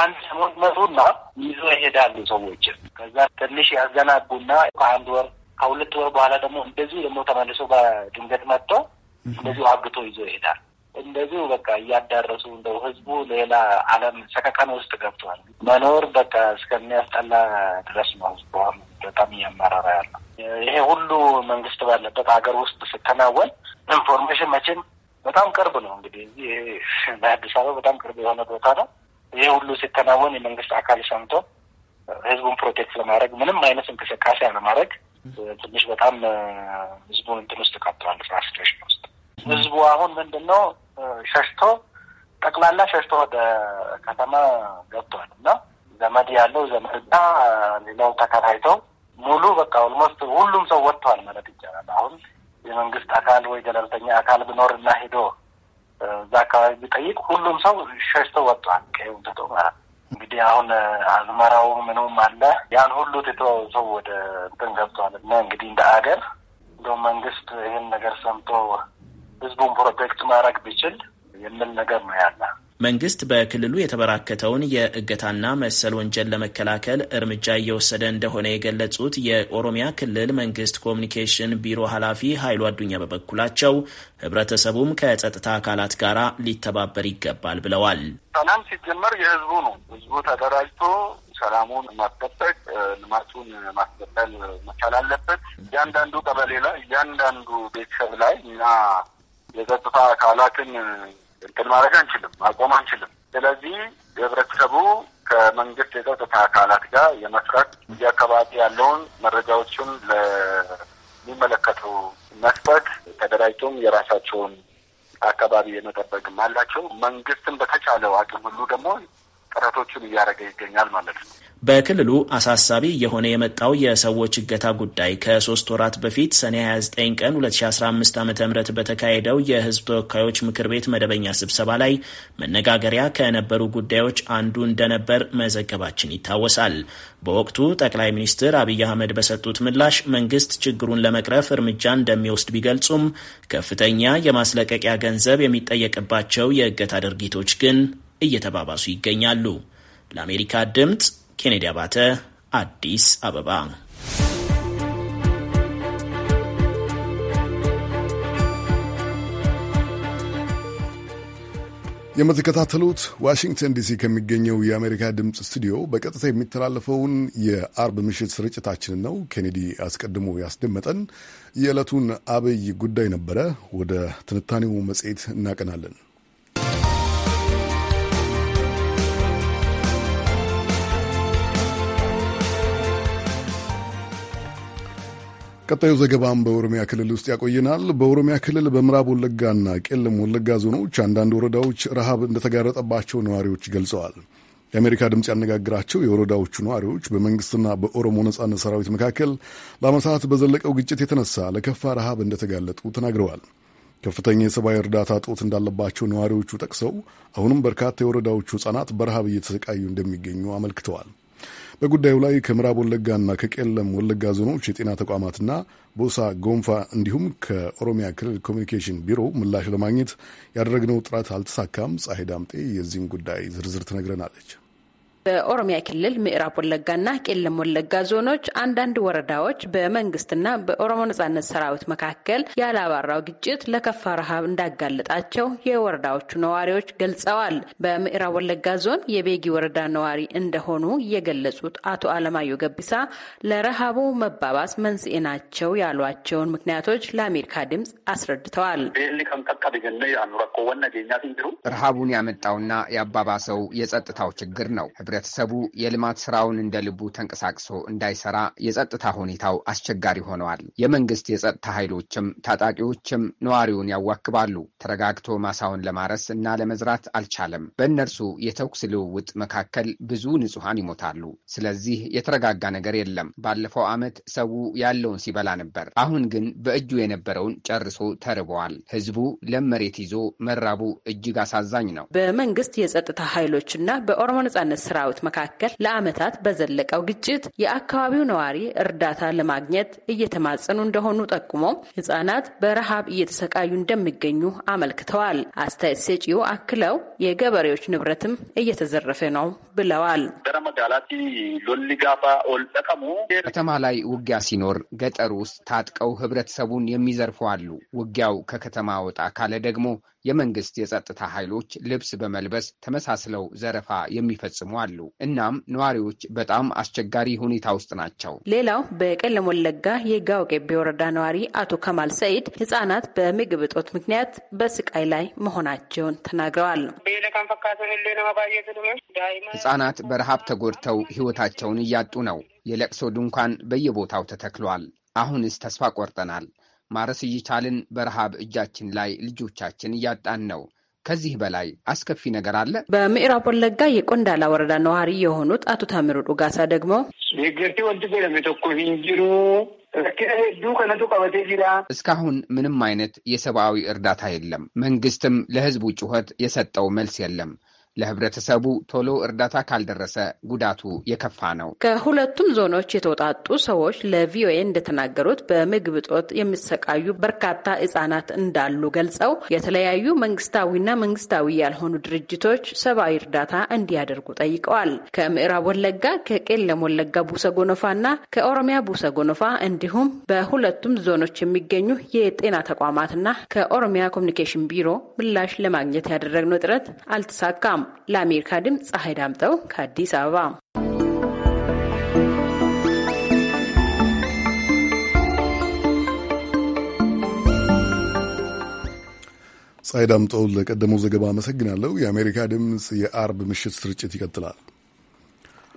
አንድ ሰሞን መቱና ይዞ ይሄዳሉ ሰዎችን ከዛ ትንሽ ያዘናጉና ከአንድ ወር ከሁለት ወር በኋላ ደግሞ እንደዚሁ ደግሞ ተመልሶ በድንገት መጥቶ እንደዚሁ አግቶ ይዞ ይሄዳል። እንደዚሁ በቃ እያዳረሱ እንደው ህዝቡ ሌላ ዓለም ሰቀቀን ውስጥ ገብቷል። መኖር በቃ እስከሚያስጠላ ድረስ ነው። ህዝቡ በጣም እያመራራ ያለው ይሄ ሁሉ መንግስት ባለበት ሀገር ውስጥ ስከናወን ኢንፎርሜሽን መቼም በጣም ቅርብ ነው። እንግዲህ በአዲስ አበባ በጣም ቅርብ የሆነ ቦታ ነው። ይሄ ሁሉ ሲከናወን የመንግስት አካል ሰምቶ ህዝቡን ፕሮቴክት ለማድረግ ምንም አይነት እንቅስቃሴ አለማድረግ ትንሽ በጣም ህዝቡን እንትን ውስጥ ቀጥሏል። ፍራስትሬሽን ውስጥ ህዝቡ አሁን ምንድን ነው ሸሽቶ ጠቅላላ ሸሽቶ ወደ ከተማ ገብቷል እና ዘመድ ያለው ዘመድና ሌላው ተከራይተው ሙሉ በቃ ኦልሞስት ሁሉም ሰው ወጥተዋል ማለት ይቻላል። አሁን የመንግስት አካል ወይ ገለልተኛ አካል ብኖር እና ሄዶ እዛ አካባቢ ቢጠይቅ ሁሉም ሰው ሸሽቶ ወጥቷል ከሁንትቶ ማለት ነው። እንግዲህ አሁን አዝመራው ምንም አለ ያን ሁሉ ትቶ ሰው ወደ እንትን ገብቷል እና እንግዲህ እንደ አገር እንደ መንግስት ይህን ነገር ሰምቶ ህዝቡን ፕሮቴክት ማድረግ ቢችል የምል ነገር ነው ያለ መንግስት በክልሉ የተበራከተውን የእገታና መሰል ወንጀል ለመከላከል እርምጃ እየወሰደ እንደሆነ የገለጹት የኦሮሚያ ክልል መንግስት ኮሚኒኬሽን ቢሮ ኃላፊ ኃይሉ አዱኛ በበኩላቸው ህብረተሰቡም ከጸጥታ አካላት ጋር ሊተባበር ይገባል ብለዋል። ሰላም ሲጀመር የህዝቡ ነው። ህዝቡ ተደራጅቶ ሰላሙን ማስጠበቅ፣ ልማቱን ማስቀጠል መቻል አለበት። እያንዳንዱ ቀበሌ ላይ፣ እያንዳንዱ ቤተሰብ ላይ እና የጸጥታ አካላትን እንትን ማድረግ አንችልም፣ ማቆም አንችልም። ስለዚህ ህብረተሰቡ ከመንግስት የጸጥታ አካላት ጋር የመስራት አካባቢ ያለውን መረጃዎችን ለሚመለከቱ መስጠት ተደራጅቶም የራሳቸውን አካባቢ የመጠበቅም አላቸው። መንግስትም በተቻለው አቅም ሁሉ ደግሞ ጥረቶቹን እያደረገ ይገኛል ማለት ነው። በክልሉ አሳሳቢ እየሆነ የመጣው የሰዎች እገታ ጉዳይ ከሶስት ወራት በፊት ሰኔ 29 ቀን 2015 ዓ ም በተካሄደው የህዝብ ተወካዮች ምክር ቤት መደበኛ ስብሰባ ላይ መነጋገሪያ ከነበሩ ጉዳዮች አንዱ እንደነበር መዘገባችን ይታወሳል። በወቅቱ ጠቅላይ ሚኒስትር አብይ አህመድ በሰጡት ምላሽ መንግስት ችግሩን ለመቅረፍ እርምጃ እንደሚወስድ ቢገልጹም ከፍተኛ የማስለቀቂያ ገንዘብ የሚጠየቅባቸው የእገታ ድርጊቶች ግን እየተባባሱ ይገኛሉ። ለአሜሪካ ድምፅ ኬኔዲ አባተ አዲስ አበባ። የምትከታተሉት ዋሽንግተን ዲሲ ከሚገኘው የአሜሪካ ድምፅ ስቱዲዮ በቀጥታ የሚተላለፈውን የአርብ ምሽት ስርጭታችንን ነው። ኬኔዲ አስቀድሞ ያስደመጠን የዕለቱን አብይ ጉዳይ ነበረ። ወደ ትንታኔው መጽሔት እናቀናለን። ቀጣዩ ዘገባም በኦሮሚያ ክልል ውስጥ ያቆየናል። በኦሮሚያ ክልል በምዕራብ ወለጋና ቄለም ወለጋ ዞኖች አንዳንድ ወረዳዎች ረሃብ እንደተጋረጠባቸው ነዋሪዎች ገልጸዋል። የአሜሪካ ድምፅ ያነጋግራቸው የወረዳዎቹ ነዋሪዎች በመንግስትና በኦሮሞ ነጻነት ሰራዊት መካከል ለዓመታት በዘለቀው ግጭት የተነሳ ለከፋ ረሃብ እንደተጋለጡ ተናግረዋል። ከፍተኛ የሰብአዊ እርዳታ እጦት እንዳለባቸው ነዋሪዎቹ ጠቅሰው አሁንም በርካታ የወረዳዎቹ ሕጻናት በረሃብ እየተሰቃዩ እንደሚገኙ አመልክተዋል። በጉዳዩ ላይ ከምዕራብ ወለጋና ከቄለም ወለጋ ዞኖች የጤና ተቋማትና ቦሳ ጎንፋ እንዲሁም ከኦሮሚያ ክልል ኮሚኒኬሽን ቢሮ ምላሽ ለማግኘት ያደረግነው ጥረት አልተሳካም። ፀሐይ ዳምጤ የዚህን ጉዳይ ዝርዝር ትነግረናለች። በኦሮሚያ ክልል ምዕራብ ወለጋና ቄለም ወለጋ ዞኖች አንዳንድ ወረዳዎች በመንግስትና በኦሮሞ ነጻነት ሰራዊት መካከል ያላባራው ግጭት ለከፋ ረሃብ እንዳጋለጣቸው የወረዳዎቹ ነዋሪዎች ገልጸዋል። በምዕራብ ወለጋ ዞን የቤጊ ወረዳ ነዋሪ እንደሆኑ የገለጹት አቶ አለማዮ ገቢሳ ለረሃቡ መባባስ መንስኤ ናቸው ያሏቸውን ምክንያቶች ለአሜሪካ ድምጽ አስረድተዋል። ረሃቡን ያመጣውና ያባባሰው የጸጥታው ችግር ነው። ህብረተሰቡ የልማት ስራውን እንደ ልቡ ተንቀሳቅሶ እንዳይሰራ የጸጥታ ሁኔታው አስቸጋሪ ሆነዋል። የመንግስት የጸጥታ ኃይሎችም ታጣቂዎችም ነዋሪውን ያዋክባሉ። ተረጋግቶ ማሳውን ለማረስ እና ለመዝራት አልቻለም። በእነርሱ የተኩስ ልውውጥ መካከል ብዙ ንጹሐን ይሞታሉ። ስለዚህ የተረጋጋ ነገር የለም። ባለፈው ዓመት ሰው ያለውን ሲበላ ነበር። አሁን ግን በእጁ የነበረውን ጨርሶ ተርበዋል። ህዝቡ ለመሬት ይዞ መራቡ እጅግ አሳዛኝ ነው። በመንግስት የጸጥታ ኃይሎችና በኦሮሞ ነጻነት ስራ ሰራዊት መካከል ለዓመታት በዘለቀው ግጭት የአካባቢው ነዋሪ እርዳታ ለማግኘት እየተማጸኑ እንደሆኑ ጠቁሞ ህጻናት በረሃብ እየተሰቃዩ እንደሚገኙ አመልክተዋል። አስተያየት ሰጪው አክለው የገበሬዎች ንብረትም እየተዘረፈ ነው ብለዋል። ከተማ ላይ ውጊያ ሲኖር ገጠር ውስጥ ታጥቀው ህብረተሰቡን የሚዘርፉ አሉ። ውጊያው ከከተማ ወጣ ካለ ደግሞ የመንግስት የጸጥታ ኃይሎች ልብስ በመልበስ ተመሳስለው ዘረፋ የሚፈጽሙ አሉ። ይገኛሉ። እናም ነዋሪዎች በጣም አስቸጋሪ ሁኔታ ውስጥ ናቸው። ሌላው በቄለም ወለጋ የጋውቄቤ ወረዳ ነዋሪ አቶ ከማል ሰይድ ህጻናት በምግብ እጦት ምክንያት በስቃይ ላይ መሆናቸውን ተናግረዋል። ህጻናት በረሃብ ተጎድተው ህይወታቸውን እያጡ ነው። የለቅሶ ድንኳን በየቦታው ተተክሏል። አሁንስ ተስፋ ቆርጠናል። ማረስ እየቻልን በረሃብ እጃችን ላይ ልጆቻችን እያጣን ነው። ከዚህ በላይ አስከፊ ነገር አለ? በምዕራብ ወለጋ የቆንዳላ ወረዳ ነዋሪ የሆኑት አቶ ታምሩ ዱጋሳ ደግሞ እስካሁን ምንም አይነት የሰብአዊ እርዳታ የለም። መንግስትም ለህዝቡ ጩኸት የሰጠው መልስ የለም። ለህብረተሰቡ ቶሎ እርዳታ ካልደረሰ ጉዳቱ የከፋ ነው። ከሁለቱም ዞኖች የተውጣጡ ሰዎች ለቪኦኤ እንደተናገሩት በምግብ እጦት የሚሰቃዩ በርካታ ህጻናት እንዳሉ ገልጸው የተለያዩ መንግስታዊና መንግስታዊ ያልሆኑ ድርጅቶች ሰብአዊ እርዳታ እንዲያደርጉ ጠይቀዋል። ከምዕራብ ወለጋ፣ ከቄለም ወለጋ ቡሰ ጎኖፋ እና ከኦሮሚያ ቡሰ ጎኖፋ እንዲሁም በሁለቱም ዞኖች የሚገኙ የጤና ተቋማትና ከኦሮሚያ ኮሚኒኬሽን ቢሮ ምላሽ ለማግኘት ያደረግነው ጥረት አልተሳካም። ፕሮግራም ለአሜሪካ ድምፅ ፀሐይ ዳምጠው ከአዲስ አበባ። ፀሐይ ዳምጠው ለቀደመው ዘገባ አመሰግናለሁ። የአሜሪካ ድምፅ የአርብ ምሽት ስርጭት ይቀጥላል።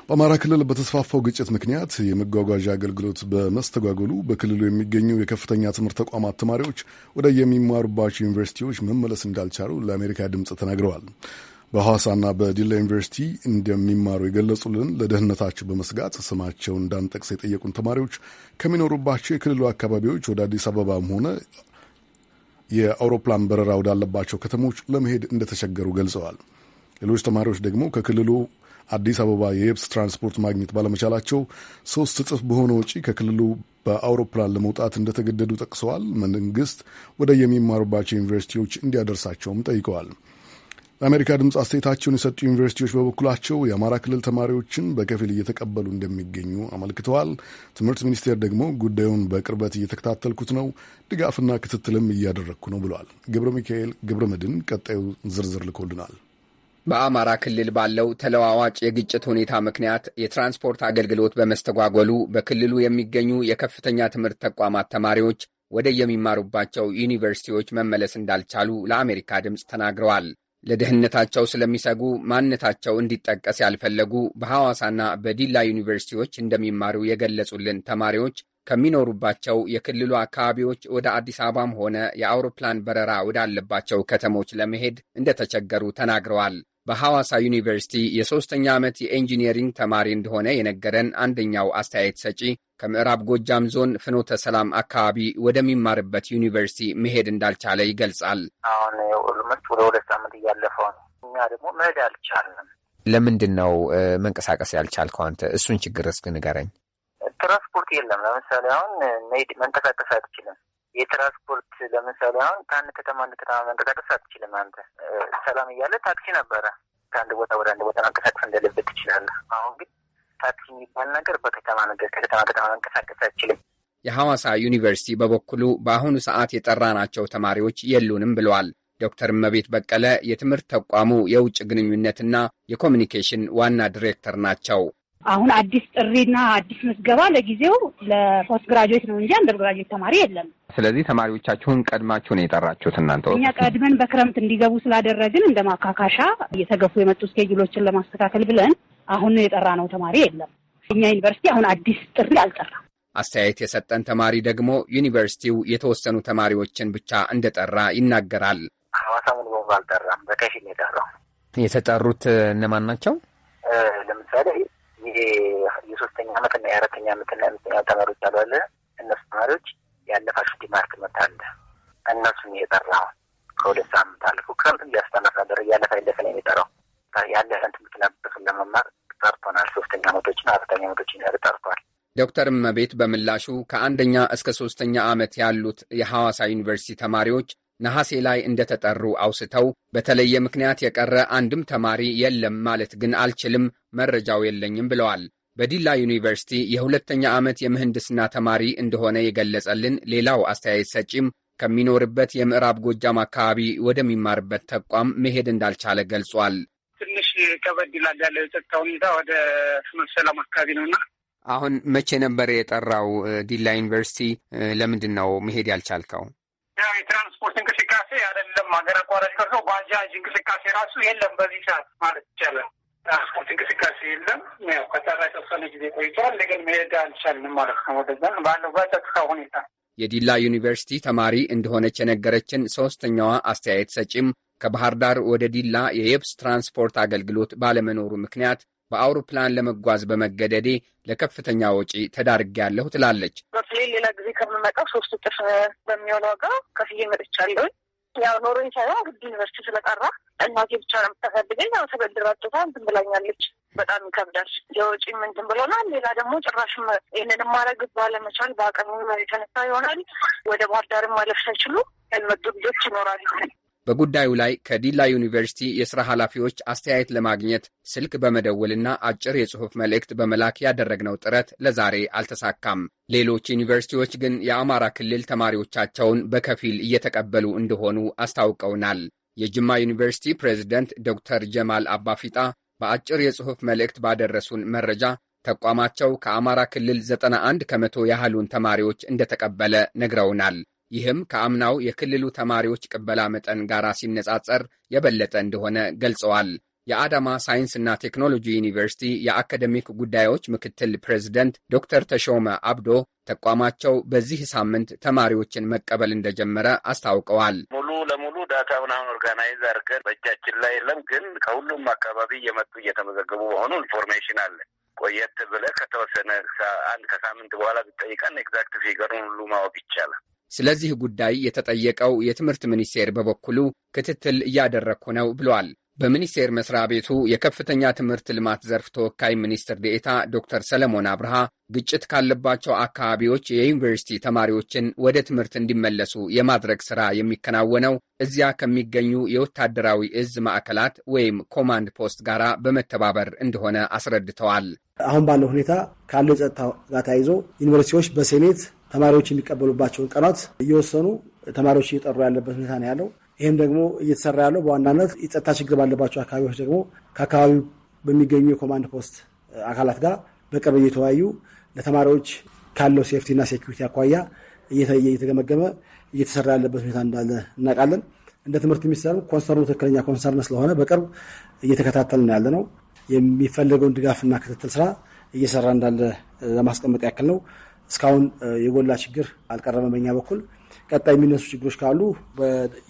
በአማራ ክልል በተስፋፋው ግጭት ምክንያት የመጓጓዣ አገልግሎት በመስተጓጎሉ በክልሉ የሚገኙ የከፍተኛ ትምህርት ተቋማት ተማሪዎች ወደ የሚማሩባቸው ዩኒቨርሲቲዎች መመለስ እንዳልቻሉ ለአሜሪካ ድምፅ ተናግረዋል። በሐዋሳና በዲላ ዩኒቨርሲቲ እንደሚማሩ የገለጹልን ለደህንነታቸው በመስጋት ስማቸውን እንዳንጠቅስ የጠየቁን ተማሪዎች ከሚኖሩባቸው የክልሉ አካባቢዎች ወደ አዲስ አበባም ሆነ የአውሮፕላን በረራ ወዳለባቸው ከተሞች ለመሄድ እንደተቸገሩ ገልጸዋል። ሌሎች ተማሪዎች ደግሞ ከክልሉ አዲስ አበባ የየብስ ትራንስፖርት ማግኘት ባለመቻላቸው ሶስት እጥፍ በሆነ ወጪ ከክልሉ በአውሮፕላን ለመውጣት እንደተገደዱ ጠቅሰዋል። መንግስት ወደ የሚማሩባቸው ዩኒቨርሲቲዎች እንዲያደርሳቸውም ጠይቀዋል። ለአሜሪካ ድምፅ አስተያየታቸውን የሰጡ ዩኒቨርሲቲዎች በበኩላቸው የአማራ ክልል ተማሪዎችን በከፊል እየተቀበሉ እንደሚገኙ አመልክተዋል። ትምህርት ሚኒስቴር ደግሞ ጉዳዩን በቅርበት እየተከታተልኩት ነው፣ ድጋፍና ክትትልም እያደረግኩ ነው ብለዋል። ገብረ ሚካኤል ገብረ መድን ቀጣዩ ዝርዝር ልኮልናል። በአማራ ክልል ባለው ተለዋዋጭ የግጭት ሁኔታ ምክንያት የትራንስፖርት አገልግሎት በመስተጓጎሉ በክልሉ የሚገኙ የከፍተኛ ትምህርት ተቋማት ተማሪዎች ወደ የሚማሩባቸው ዩኒቨርሲቲዎች መመለስ እንዳልቻሉ ለአሜሪካ ድምፅ ተናግረዋል። ለደህንነታቸው ስለሚሰጉ ማንነታቸው እንዲጠቀስ ያልፈለጉ በሐዋሳና በዲላ ዩኒቨርሲቲዎች እንደሚማሩ የገለጹልን ተማሪዎች ከሚኖሩባቸው የክልሉ አካባቢዎች ወደ አዲስ አበባም ሆነ የአውሮፕላን በረራ ወዳለባቸው ከተሞች ለመሄድ እንደተቸገሩ ተናግረዋል። በሐዋሳ ዩኒቨርሲቲ የሦስተኛ ዓመት የኢንጂነሪንግ ተማሪ እንደሆነ የነገረን አንደኛው አስተያየት ሰጪ ከምዕራብ ጎጃም ዞን ፍኖተ ሰላም አካባቢ ወደሚማርበት ዩኒቨርሲቲ መሄድ እንዳልቻለ ይገልጻል። አሁን ልምት ወደ ሁለት ዓመት እያለፈው ነው። እኛ ደግሞ መሄድ አልቻልንም። ለምንድን ነው መንቀሳቀስ ያልቻልከው አንተ? እሱን ችግር እስኪ ንገረኝ። ትራንስፖርት የለም። ለምሳሌ አሁን መሄድ መንቀሳቀስ አትችልም። የትራንስፖርት ለምሳሌ አሁን ከአንድ ከተማ አንድ ከተማ መንቀሳቀስ አትችልም። አንተ ሰላም እያለ ታክሲ ነበረ ከአንድ ቦታ ወደ አንድ ቦታ መንቀሳቀስ እንደልብህ ትችላለህ። አሁን ግን ታክሲ የሚባል ነገር በከተማ ነገር ከከተማ ከተማ መንቀሳቀስ አትችልም። የሐዋሳ ዩኒቨርሲቲ በበኩሉ በአሁኑ ሰዓት የጠራናቸው ተማሪዎች የሉንም ብለዋል። ዶክተር መቤት በቀለ የትምህርት ተቋሙ የውጭ ግንኙነትና የኮሚኒኬሽን ዋና ዲሬክተር ናቸው። አሁን አዲስ ጥሪና አዲስ ምዝገባ ለጊዜው ለፖስት ግራጁዌት ነው እንጂ አንደር ግራጁዌት ተማሪ የለም። ስለዚህ ተማሪዎቻችሁን ቀድማችሁ ነው የጠራችሁት እናንተ? እኛ ቀድመን በክረምት እንዲገቡ ስላደረግን እንደ ማካካሻ እየተገፉ የመጡ ስኬጅሎችን ለማስተካከል ብለን አሁን የጠራ ነው ተማሪ የለም። እኛ ዩኒቨርሲቲ አሁን አዲስ ጥሪ አልጠራም። አስተያየት የሰጠን ተማሪ ደግሞ ዩኒቨርሲቲው የተወሰኑ ተማሪዎችን ብቻ እንደጠራ ይናገራል። ሐዋሳ ሙሉ በሙሉ አልጠራም፣ በከፊል የጠራው። የተጠሩት እነማን ናቸው? ለምሳሌ የሶስተኛ አመትና የአራተኛ አመትና የአምስተኛ ተማሪዎች አሉ አለ እነሱ ተማሪዎች ያለፋሽ ዲማርክ መት አለ እነሱን የጠራው ከሁለት ሳምንት አልፎ ክረምት እንዲያስተምር ነበር እያለፈ ያለፈ ነው የሚጠራው ያለፈን ትምህርት ነበሱን ለመማር ጠርቶናል። ሶስተኛ አመቶችን አራተኛ አመቶችን ጠርቷል። ዶክተር መቤት በምላሹ ከአንደኛ እስከ ሶስተኛ ዓመት ያሉት የሐዋሳ ዩኒቨርሲቲ ተማሪዎች ነሐሴ ላይ እንደተጠሩ አውስተው በተለየ ምክንያት የቀረ አንድም ተማሪ የለም ማለት ግን አልችልም፣ መረጃው የለኝም ብለዋል። በዲላ ዩኒቨርሲቲ የሁለተኛ ዓመት የምህንድስና ተማሪ እንደሆነ የገለጸልን ሌላው አስተያየት ሰጪም ከሚኖርበት የምዕራብ ጎጃም አካባቢ ወደሚማርበት ተቋም መሄድ እንዳልቻለ ገልጿል። ትንሽ ከበድ ይላል ያለው የጸጥታ ሁኔታ ወደ መሰላም አካባቢ ነውና። አሁን መቼ ነበር የጠራው ዲላ ዩኒቨርሲቲ? ለምንድን ነው መሄድ ያልቻልከው? ያው የትራንስፖርት እንቅስቃሴ አይደለም ሀገር አቋራጭ ቀርቶ ባጃጅ እንቅስቃሴ ራሱ የለም በዚህ ሰዓት ማለት ይቻላል። ትራንስፖርት እንቅስቃሴ የለም። ያው ከጠራ የተወሰነ ጊዜ ቆይቷል፣ ግን መሄድ አልቻልንም ማለት ነው ወደዛ ባለው በጸጥታ ሁኔታ። የዲላ ዩኒቨርሲቲ ተማሪ እንደሆነች የነገረችን ሶስተኛዋ አስተያየት ሰጪም ከባህር ዳር ወደ ዲላ የየብስ ትራንስፖርት አገልግሎት ባለመኖሩ ምክንያት በአውሮፕላን ለመጓዝ በመገደዴ ለከፍተኛ ወጪ ተዳርጌያለሁ ትላለች። በፕሌን ሌላ ጊዜ ከምመጣው ሶስት እጥፍ በሚሆን ዋጋ ከፍዬ መጥቻለሁ። ያው ኖሮ ሳይሆን ግድ ዩኒቨርሲቲ ስለጠራ እናቴ ብቻ ነው የምታሳድገኝ። ያው ተበድር ጦታ እንትን ብላኛለች። በጣም ይከብዳል። የወጪ ምንትን ብሎናል። ሌላ ደግሞ ጭራሽ ይህንን ማድረግ ባለመቻል በአቅም የተነሳ ይሆናል ወደ ባህር ዳር ማለፍ ሳይችሉ ያልመጡ ልጆች ይኖራሉ። በጉዳዩ ላይ ከዲላ ዩኒቨርሲቲ የሥራ ኃላፊዎች አስተያየት ለማግኘት ስልክ በመደወልና አጭር የጽሑፍ መልእክት በመላክ ያደረግነው ጥረት ለዛሬ አልተሳካም። ሌሎች ዩኒቨርሲቲዎች ግን የአማራ ክልል ተማሪዎቻቸውን በከፊል እየተቀበሉ እንደሆኑ አስታውቀውናል። የጅማ ዩኒቨርሲቲ ፕሬዝደንት ዶክተር ጀማል አባፊጣ በአጭር የጽሑፍ መልእክት ባደረሱን መረጃ ተቋማቸው ከአማራ ክልል 91 ከመቶ ያህሉን ተማሪዎች እንደተቀበለ ነግረውናል። ይህም ከአምናው የክልሉ ተማሪዎች ቅበላ መጠን ጋር ሲነጻጸር የበለጠ እንደሆነ ገልጸዋል። የአዳማ ሳይንስና ቴክኖሎጂ ዩኒቨርሲቲ የአካደሚክ ጉዳዮች ምክትል ፕሬዚደንት ዶክተር ተሾመ አብዶ ተቋማቸው በዚህ ሳምንት ተማሪዎችን መቀበል እንደጀመረ አስታውቀዋል። ሙሉ ለሙሉ ዳታውን አሁን ኦርጋናይዝ አድርገን በእጃችን ላይ የለም፣ ግን ከሁሉም አካባቢ እየመጡ እየተመዘገቡ መሆኑ ኢንፎርሜሽን አለ። ቆየት ብለህ ከተወሰነ አንድ ከሳምንት በኋላ ብጠይቀን ኤግዛክት ፊገሩን ሁሉ ማወቅ ይቻላል። ስለዚህ ጉዳይ የተጠየቀው የትምህርት ሚኒስቴር በበኩሉ ክትትል እያደረግኩ ነው ብሏል። በሚኒስቴር መስሪያ ቤቱ የከፍተኛ ትምህርት ልማት ዘርፍ ተወካይ ሚኒስትር ዴኤታ ዶክተር ሰለሞን አብርሃ ግጭት ካለባቸው አካባቢዎች የዩኒቨርሲቲ ተማሪዎችን ወደ ትምህርት እንዲመለሱ የማድረግ ሥራ የሚከናወነው እዚያ ከሚገኙ የወታደራዊ እዝ ማዕከላት ወይም ኮማንድ ፖስት ጋር በመተባበር እንደሆነ አስረድተዋል። አሁን ባለው ሁኔታ ካለው የጸጥታ ጋር ተያይዞ ዩኒቨርሲቲዎች በሴኔት ተማሪዎች የሚቀበሉባቸውን ቀናት እየወሰኑ ተማሪዎች እየጠሩ ያለበት ሁኔታ ነው ያለው። ይህም ደግሞ እየተሰራ ያለው በዋናነት የጸጥታ ችግር ባለባቸው አካባቢዎች ደግሞ ከአካባቢው በሚገኙ የኮማንድ ፖስት አካላት ጋር በቅርብ እየተወያዩ ለተማሪዎች ካለው እና ሴኪሪቲ አኳያ እየተገመገመ እየተሰራ ያለበት ሁኔታ እንዳለ እናውቃለን። እንደ ትምህርት ሚኒስቴርም ኮንሰርኑ ትክክለኛ ኮንሰርን ስለሆነ በቅርብ እየተከታተልን ያለ ነው። የሚፈለገውን ድጋፍና ክትትል ስራ እየሰራ እንዳለ ለማስቀመጥ ያክል ነው። እስካሁን የጎላ ችግር አልቀረበም። በኛ በኩል ቀጣይ የሚነሱ ችግሮች ካሉ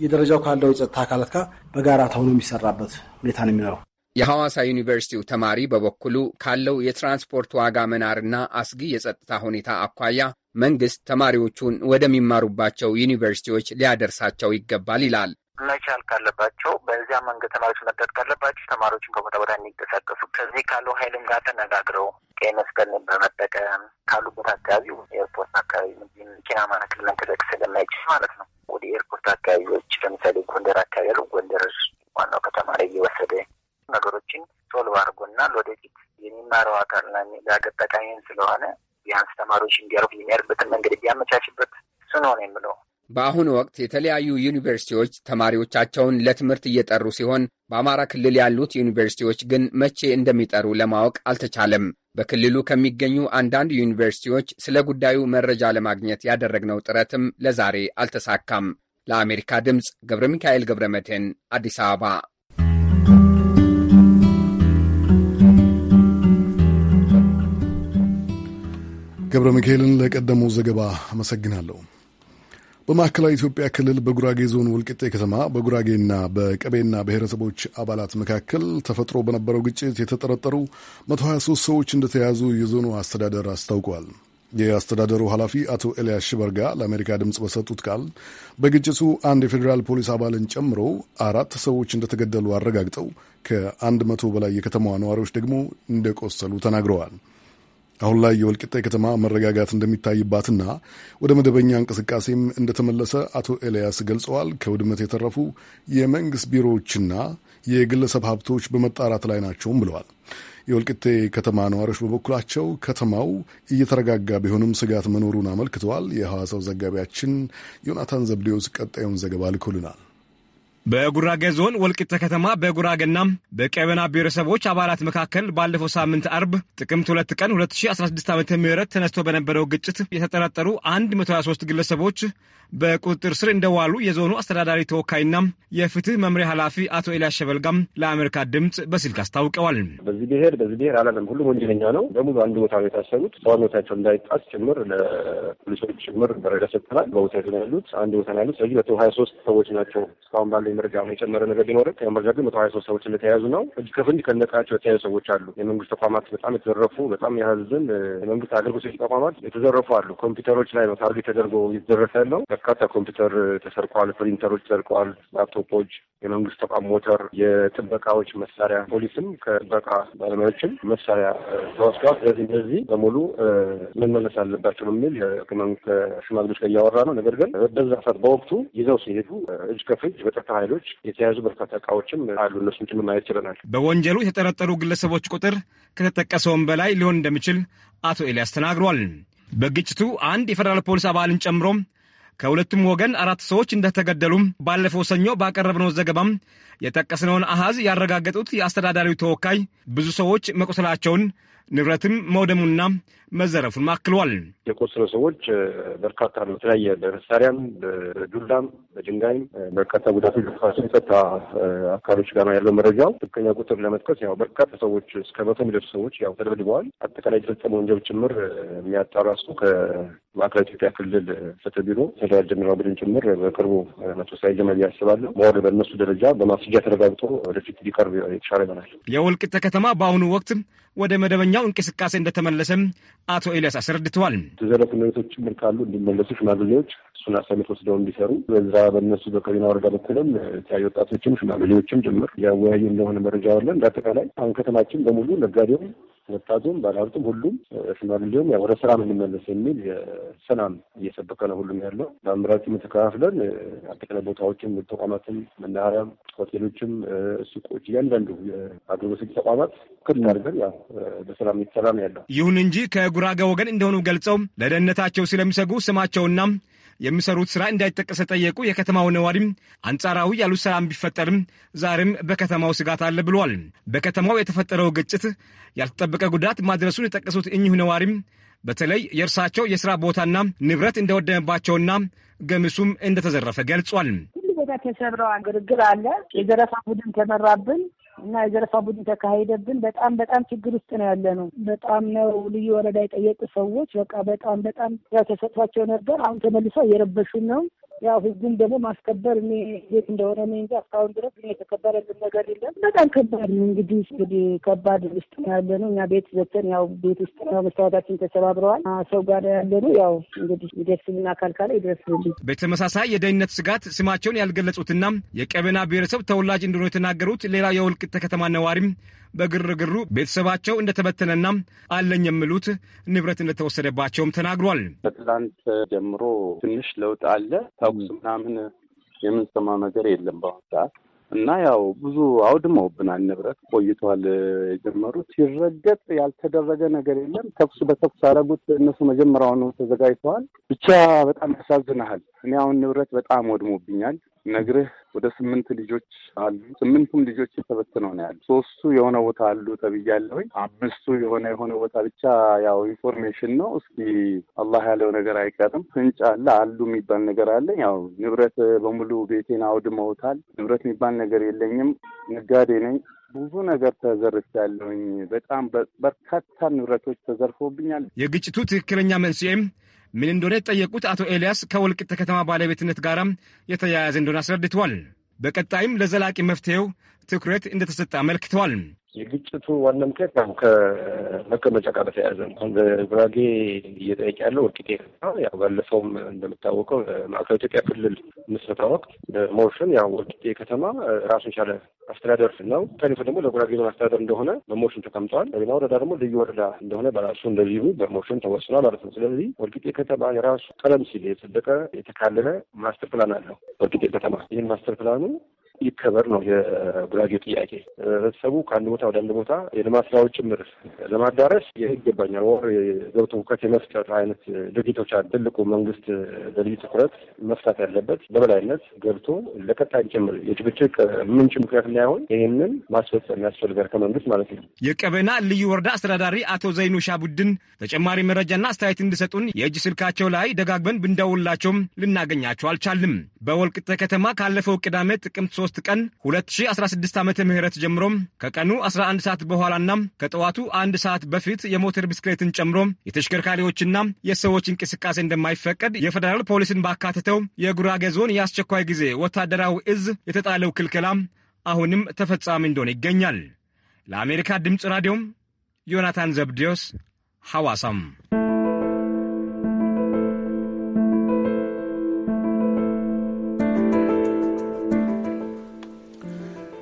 የደረጃው ካለው የጸጥታ አካላት ጋር በጋራ ተሆኖ የሚሰራበት ሁኔታ ነው የሚኖረው። የሐዋሳ ዩኒቨርሲቲው ተማሪ በበኩሉ ካለው የትራንስፖርት ዋጋ መናርና አስጊ የጸጥታ ሁኔታ አኳያ መንግስት ተማሪዎቹን ወደሚማሩባቸው ዩኒቨርሲቲዎች ሊያደርሳቸው ይገባል ይላል። መቻል ካለባቸው በዚያ መንገድ ተማሪዎች መጠጥ ካለባቸው ተማሪዎችን ከቦታ ቦታ እንዲንቀሳቀሱ ከዚህ ካለው ኃይልም ጋር ተነጋግረው ቀይ መስቀልን በመጠቀም ካሉበት አካባቢ ወደ ኤርፖርት አካባቢ መኪና ማነክል መንቀሳቀስ ስለማይችል ማለት ነው። ወደ ኤርፖርት አካባቢዎች ለምሳሌ ጎንደር አካባቢ ያሉ ጎንደር ዋናው ከተማ ላይ እየወሰደ ነገሮችን ሶልቭ አድርጎና ለወደፊት የሚማረው አካል ለሀገር ጠቃሚን ስለሆነ ቢያንስ ተማሪዎች እንዲያርፉ የሚያርግበትን መንገድ ቢያመቻችበት ስኖ ነው የምለው በአሁኑ ወቅት የተለያዩ ዩኒቨርሲቲዎች ተማሪዎቻቸውን ለትምህርት እየጠሩ ሲሆን በአማራ ክልል ያሉት ዩኒቨርሲቲዎች ግን መቼ እንደሚጠሩ ለማወቅ አልተቻለም። በክልሉ ከሚገኙ አንዳንድ ዩኒቨርሲቲዎች ስለ ጉዳዩ መረጃ ለማግኘት ያደረግነው ጥረትም ለዛሬ አልተሳካም። ለአሜሪካ ድምፅ ገብረ ሚካኤል ገብረ መድህን አዲስ አበባ። ገብረ ሚካኤልን ለቀደመው ዘገባ አመሰግናለሁ። በማዕከላዊ ኢትዮጵያ ክልል በጉራጌ ዞን ወልቂጤ ከተማ በጉራጌና በቀቤና ብሔረሰቦች አባላት መካከል ተፈጥሮ በነበረው ግጭት የተጠረጠሩ 123 ሰዎች እንደተያዙ የዞኑ አስተዳደር አስታውቋል። የአስተዳደሩ ኃላፊ አቶ ኤልያስ ሽበርጋ ለአሜሪካ ድምፅ በሰጡት ቃል በግጭቱ አንድ የፌዴራል ፖሊስ አባልን ጨምሮ አራት ሰዎች እንደተገደሉ አረጋግጠው ከአንድ መቶ በላይ የከተማዋ ነዋሪዎች ደግሞ እንደቆሰሉ ተናግረዋል። አሁን ላይ የወልቂጤ ከተማ መረጋጋት እንደሚታይባትና ወደ መደበኛ እንቅስቃሴም እንደተመለሰ አቶ ኤልያስ ገልጸዋል። ከውድመት የተረፉ የመንግስት ቢሮዎችና የግለሰብ ሀብቶች በመጣራት ላይ ናቸውም ብለዋል። የወልቂጤ ከተማ ነዋሪዎች በበኩላቸው ከተማው እየተረጋጋ ቢሆንም ስጋት መኖሩን አመልክተዋል። የሐዋሳው ዘጋቢያችን ዮናታን ዘብዴዎስ ቀጣዩን ዘገባ ልኮልናል። በጉራጌ ዞን ወልቂጤ ከተማ በጉራጌና በቀበና ብሔረሰቦች አባላት መካከል ባለፈው ሳምንት አርብ ጥቅምት 2 ቀን 2016 ዓ ም ተነስቶ በነበረው ግጭት የተጠረጠሩ 123 ግለሰቦች በቁጥጥር ስር እንደዋሉ የዞኑ አስተዳዳሪ ተወካይና የፍትህ መምሪያ ኃላፊ አቶ ኤልያስ ሸበልጋም ለአሜሪካ ድምፅ በስልክ አስታውቀዋል። በዚህ ብሔር በዚህ ብሔር አላለም፣ ሁሉም ወንጀለኛ ነው። በሙሉ አንድ ቦታ ነው የታሰሩት። ሰዋነታቸው እንዳይጣስ ጭምር ለፖሊሶች ጭምር በረዳ ሰጥተናል። በቦታ ያሉት አንድ ቦታ ያሉት ስለዚህ መቶ 23 ሰዎች ናቸው እስካሁን ባለ መረጃ አሁን የጨመረ ነገር ቢኖርም ከ መረጃ ግን መቶ ሀያ ሶስት ሰዎች እንደተያዙ ነው። እጅ ከፍንጅ ከነቃቸው የተያዙ ሰዎች አሉ። የመንግስት ተቋማት በጣም የተዘረፉ በጣም ያሳዝን የመንግስት አገልግሎት ሰጪ ተቋማት የተዘረፉ አሉ። ኮምፒውተሮች ላይ ነው ታርጌት ተደርጎ እየተዘረፈ ያለው። በርካታ ኮምፒውተር ተሰርቀዋል፣ ፕሪንተሮች ተሰርቀዋል፣ ላፕቶፖች፣ የመንግስት ተቋም ሞተር፣ የጥበቃዎች መሳሪያ፣ ፖሊስም ከጥበቃ ባለሙያዎችም መሳሪያ ተወስደዋል። ስለዚህ እነዚህ በሙሉ መመለስ አለባቸው በሚል ሽማግሌዎች ላይ እያወራ ነው። ነገር ግን በዛ ሰዓት በወቅቱ ይዘው ሲሄዱ እጅ ከፍንጅ በጠታ ኃይሎች የተያዙ በርካታ እቃዎችም አሉ። እነሱም ጭምር ማየት ችለናል። በወንጀሉ የተጠረጠሩ ግለሰቦች ቁጥር ከተጠቀሰውን በላይ ሊሆን እንደሚችል አቶ ኤልያስ ተናግሯል። በግጭቱ አንድ የፌዴራል ፖሊስ አባልን ጨምሮ ከሁለቱም ወገን አራት ሰዎች እንደተገደሉ ባለፈው ሰኞ ባቀረብነው ዘገባም የጠቀስነውን አሃዝ ያረጋገጡት የአስተዳዳሪው ተወካይ ብዙ ሰዎች መቁሰላቸውን ንብረትም መውደሙና መዘረፉን አክሏል። የቆሰሉ ሰዎች በርካታ ነው። የተለያየ በመሳሪያም፣ በዱላም፣ በድንጋይም በርካታ ጉዳቶች ደርሰዋል። የጸጥታ አካሎች ጋር ያለው መረጃው። ትክክለኛ ቁጥር ለመጥቀስ ያው በርካታ ሰዎች እስከ መቶ የሚደርሱ ሰዎች ያው ተደብድበዋል። አጠቃላይ የተፈጸመ ወንጀል ጭምር የሚያጣራ እሱ ከማዕከላዊ ኢትዮጵያ ክልል ፍትህ ቢሮ ፌደራል ጀምራ ቡድን ጭምር በቅርቡ መቶ ሳይ ጀመል ያስባለሁ መዋል በእነሱ ደረጃ በማስረጃ ተረጋግጦ ወደፊት ሊቀርብ የተሻለ ይሆናል። የወልቂጤ ከተማ በአሁኑ ወቅት ወደ መደበኛው እንቅስቃሴ እንደተመለሰም አቶ ኤልያስ አስረድተዋል። ዘረ ትምህርቶች ጭምር ካሉ እንዲመለሱ ሽማግሌዎች እሱን አሰልፍ ወስደው እንዲሰሩ በዛ በእነሱ በቀቢና ወረዳ በኩልም የተለያዩ ወጣቶችም ሽማግሌዎችም ጭምር ያወያዩ እንደሆነ መረጃ አለን። እንዳጠቃላይ አሁን ከተማችን በሙሉ ነጋዴውም ወጣቱም ባለሀብቱም ሁሉም ሽማግሌውም ወደ ስራ እንመለስ የሚል ሰላም እየሰበከ ነው ሁሉም ያለው። በአምራች ተከፋፍለን አጠቃላይ ቦታዎችም ተቋማትም፣ መናኸሪያም፣ ሆቴሎችም፣ ሱቆች እያንዳንዱ የአገልግሎት ሰጪ ተቋማት ክፍት አድርገን ያው በሰላም እየተሰራ ነው ያለው። ይሁን እንጂ ከጉራጌ ወገን እንደሆኑ ገልጸው ለደህንነታቸው ስለሚሰጉ ስማቸውና የሚሰሩት ስራ እንዳይጠቀስ ጠየቁ። የከተማው ነዋሪም አንጻራዊ ያሉት ሰላም ቢፈጠርም ዛሬም በከተማው ስጋት አለ ብሏል። በከተማው የተፈጠረው ግጭት ያልተጠበቀ ጉዳት ማድረሱን የጠቀሱት እኚሁ ነዋሪም በተለይ የእርሳቸው የሥራ ቦታና ንብረት እንደወደመባቸውና ገሚሱም እንደተዘረፈ ገልጿል። ሁሉ ቦታ ተሰብረዋል። ግርግር አለ። የዘረፋ ቡድን ተመራብን። እና የዘረፋ ቡድን ተካሄደብን። በጣም በጣም ችግር ውስጥ ነው ያለ ነው። በጣም ነው ልዩ ወረዳ የጠየቁ ሰዎች በቃ በጣም በጣም ተሰጥቷቸው ነበር። አሁን ተመልሶ እየረበሹን ነው። ያው ህዝቡም ደግሞ ማስከበር እኔ እንዴት እንደሆነ እኔ እንጂ እስካሁን ድረስ የተከበረልን ነገር የለም። በጣም ከባድ ነው። እንግዲህ እንግዲህ ከባድ ውስጥ ነው ያለ ነው። እኛ ቤት ዘተን ያው ቤት ውስጥ ነው መስታወታችን ተሰባብረዋል። ሰው ጋር ያለ ነው። ያው እንግዲህ ይደርስልን አካል ካለ ይደርስልን። በተመሳሳይ የደህንነት ስጋት ስማቸውን ያልገለጹትና የቀበና ብሔረሰብ ተወላጅ እንደሆነ የተናገሩት ሌላ የወልቅ የወልቂጤ ከተማ ነዋሪም በግርግሩ ቤተሰባቸው እንደተበተነና አለኝ የሚሉት ንብረት እንደተወሰደባቸውም ተናግሯል። ከትላንት ጀምሮ ትንሽ ለውጥ አለ። ተኩስ ምናምን የምንሰማው ነገር የለም በአሁኑ ሰዓት እና ያው ብዙ አውድመውብናል። ንብረት ቆይተዋል የጀመሩት ሲረገጥ ያልተደረገ ነገር የለም። ተኩስ በተኩስ አደረጉት እነሱ መጀመሪያውኑ ተዘጋጅተዋል። ብቻ በጣም ያሳዝናሃል። እኔ አሁን ንብረት በጣም ወድሞብኛል። ነግርህ ወደ ስምንት ልጆች አሉ። ስምንቱም ልጆች የተበተነው ነው ያሉ። ሶስቱ የሆነ ቦታ አሉ ተብያለሁኝ። አምስቱ የሆነ የሆነ ቦታ ብቻ ያው ኢንፎርሜሽን ነው። እስኪ አላህ ያለው ነገር አይቀርም። ፍንጭ አለ አሉ የሚባል ነገር አለኝ። ያው ንብረት በሙሉ ቤቴን አውድመውታል። ንብረት የሚባል ነገር የለኝም። ነጋዴ ነኝ። ብዙ ነገር ተዘርፌያለሁኝ። በጣም በርካታ ንብረቶች ተዘርፎብኛል። የግጭቱ ትክክለኛ መንስኤም ምን እንደሆነ የጠየቁት አቶ ኤልያስ ከወልቂጤ ከተማ ባለቤትነት ጋር የተያያዘ እንደሆነ አስረድተዋል። በቀጣይም ለዘላቂ መፍትሄው ትኩረት እንደተሰጠ አመልክተዋል። የግጭቱ ዋና ምክንያት ያው ከመቀመጫ ጋር በተያያዘ ነው። አሁን በጉራጌ እየጠየቅ ያለው ወልቂጤ ከተማ ያው ባለፈውም እንደምታወቀው ማዕከላዊ ኢትዮጵያ ክልል ምስረታ ወቅት ሞሽን ያው ወልቂጤ ከተማ ራሱን ቻለ አስተዳደር ነው። ታሪፉ ደግሞ ለጉራጌ ዞን አስተዳደር እንደሆነ በሞሽን ተቀምጠዋል። ሌላ ወረዳ ደግሞ ልዩ ወረዳ እንደሆነ በራሱ እንደዚሁ በሞሽን ተወስኗል ማለት ነው። ስለዚህ ወልቂጤ ከተማ የራሱ ቀለም ሲል የጸደቀ የተካለለ ማስተር ፕላን አለው ወልቂጤ ከተማ። ይህን ማስተር ፕላኑ ይከበር ነው የጉራጌው ጥያቄ። ህብረተሰቡ ከአንድ ቦታ ወደ አንድ ቦታ የልማት ስራዎች ጭምር ለማዳረስ ይገባኛል ወር ገብቶ እውቀት የመፍጠር አይነት ድርጊቶች አሉ። ትልቁ መንግስት በልዩ ትኩረት መፍታት ያለበት በበላይነት ገብቶ ለቀጣይ ጭምር የጭቅጭቅ ምንጭ ምክንያት እንዳይሆን ይህንን ማስፈጸም ያስፈልጋል ከመንግስት ማለት ነው። የቀበና ልዩ ወረዳ አስተዳዳሪ አቶ ዘይኑ ሻቡድን ተጨማሪ መረጃና አስተያየት እንዲሰጡን የእጅ ስልካቸው ላይ ደጋግበን ብንደውላቸውም ልናገኛቸው አልቻልም። በወልቅጤ ከተማ ካለፈው ቅዳሜ ጥቅምት 13 ቀን 2016 ዓ ም ጀምሮ ከቀኑ 11 ሰዓት በኋላና ከጠዋቱ አንድ ሰዓት በፊት የሞተር ብስክሌትን ጨምሮ የተሽከርካሪዎችና የሰዎች እንቅስቃሴ እንደማይፈቀድ የፌዴራል ፖሊስን ባካተተው የጉራጌ ዞን የአስቸኳይ ጊዜ ወታደራዊ እዝ የተጣለው ክልከላ አሁንም ተፈጻሚ እንደሆነ ይገኛል። ለአሜሪካ ድምፅ ራዲዮም ዮናታን ዘብዴዎስ ሐዋሳም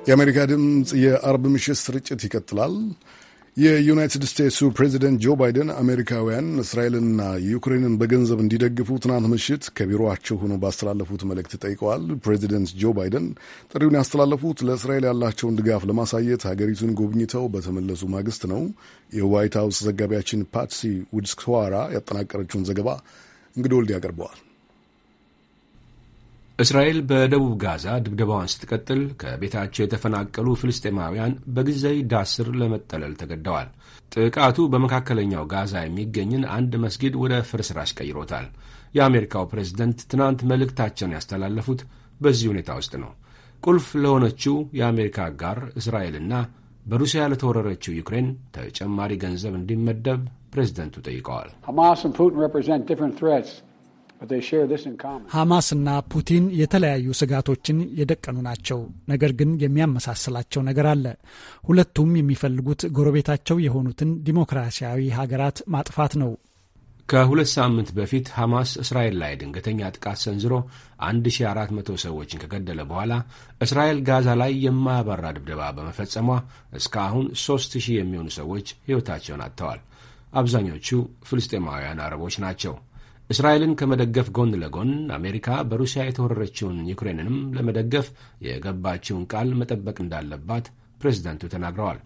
የአሜሪካ ድምፅ የአርብ ምሽት ስርጭት ይቀጥላል። የዩናይትድ ስቴትሱ ፕሬዚደንት ጆ ባይደን አሜሪካውያን እስራኤልንና ዩክሬንን በገንዘብ እንዲደግፉ ትናንት ምሽት ከቢሮአቸው ሆነው ባስተላለፉት መልእክት ጠይቀዋል። ፕሬዚደንት ጆ ባይደን ጥሪውን ያስተላለፉት ለእስራኤል ያላቸውን ድጋፍ ለማሳየት ሀገሪቱን ጎብኝተው በተመለሱ ማግስት ነው። የዋይት ሀውስ ዘጋቢያችን ፓትሲ ውድስክዋራ ያጠናቀረችውን ዘገባ እንግዲህ ወልድ ያቀርበዋል። እስራኤል በደቡብ ጋዛ ድብደባዋን ስትቀጥል ከቤታቸው የተፈናቀሉ ፍልስጤማውያን በጊዜያዊ ዳስር ለመጠለል ተገደዋል። ጥቃቱ በመካከለኛው ጋዛ የሚገኝን አንድ መስጊድ ወደ ፍርስራሽ ቀይሮታል። የአሜሪካው ፕሬዝደንት ትናንት መልእክታቸውን ያስተላለፉት በዚህ ሁኔታ ውስጥ ነው። ቁልፍ ለሆነችው የአሜሪካ ጋር እስራኤልና በሩሲያ ለተወረረችው ዩክሬን ተጨማሪ ገንዘብ እንዲመደብ ፕሬዝደንቱ ጠይቀዋል። ሐማስና ፑቲን የተለያዩ ስጋቶችን የደቀኑ ናቸው። ነገር ግን የሚያመሳስላቸው ነገር አለ። ሁለቱም የሚፈልጉት ጎረቤታቸው የሆኑትን ዲሞክራሲያዊ ሀገራት ማጥፋት ነው። ከሁለት ሳምንት በፊት ሐማስ እስራኤል ላይ ድንገተኛ ጥቃት ሰንዝሮ 1400 ሰዎችን ከገደለ በኋላ እስራኤል ጋዛ ላይ የማያባራ ድብደባ በመፈጸሟ እስካሁን 3000 የሚሆኑ ሰዎች ሕይወታቸውን አጥተዋል። አብዛኞቹ ፍልስጤማውያን አረቦች ናቸው። እስራኤልን ከመደገፍ ጎን ለጎን አሜሪካ በሩሲያ የተወረረችውን ዩክሬንንም ለመደገፍ የገባችውን ቃል መጠበቅ እንዳለባት ፕሬዚዳንቱ ተናግረዋል።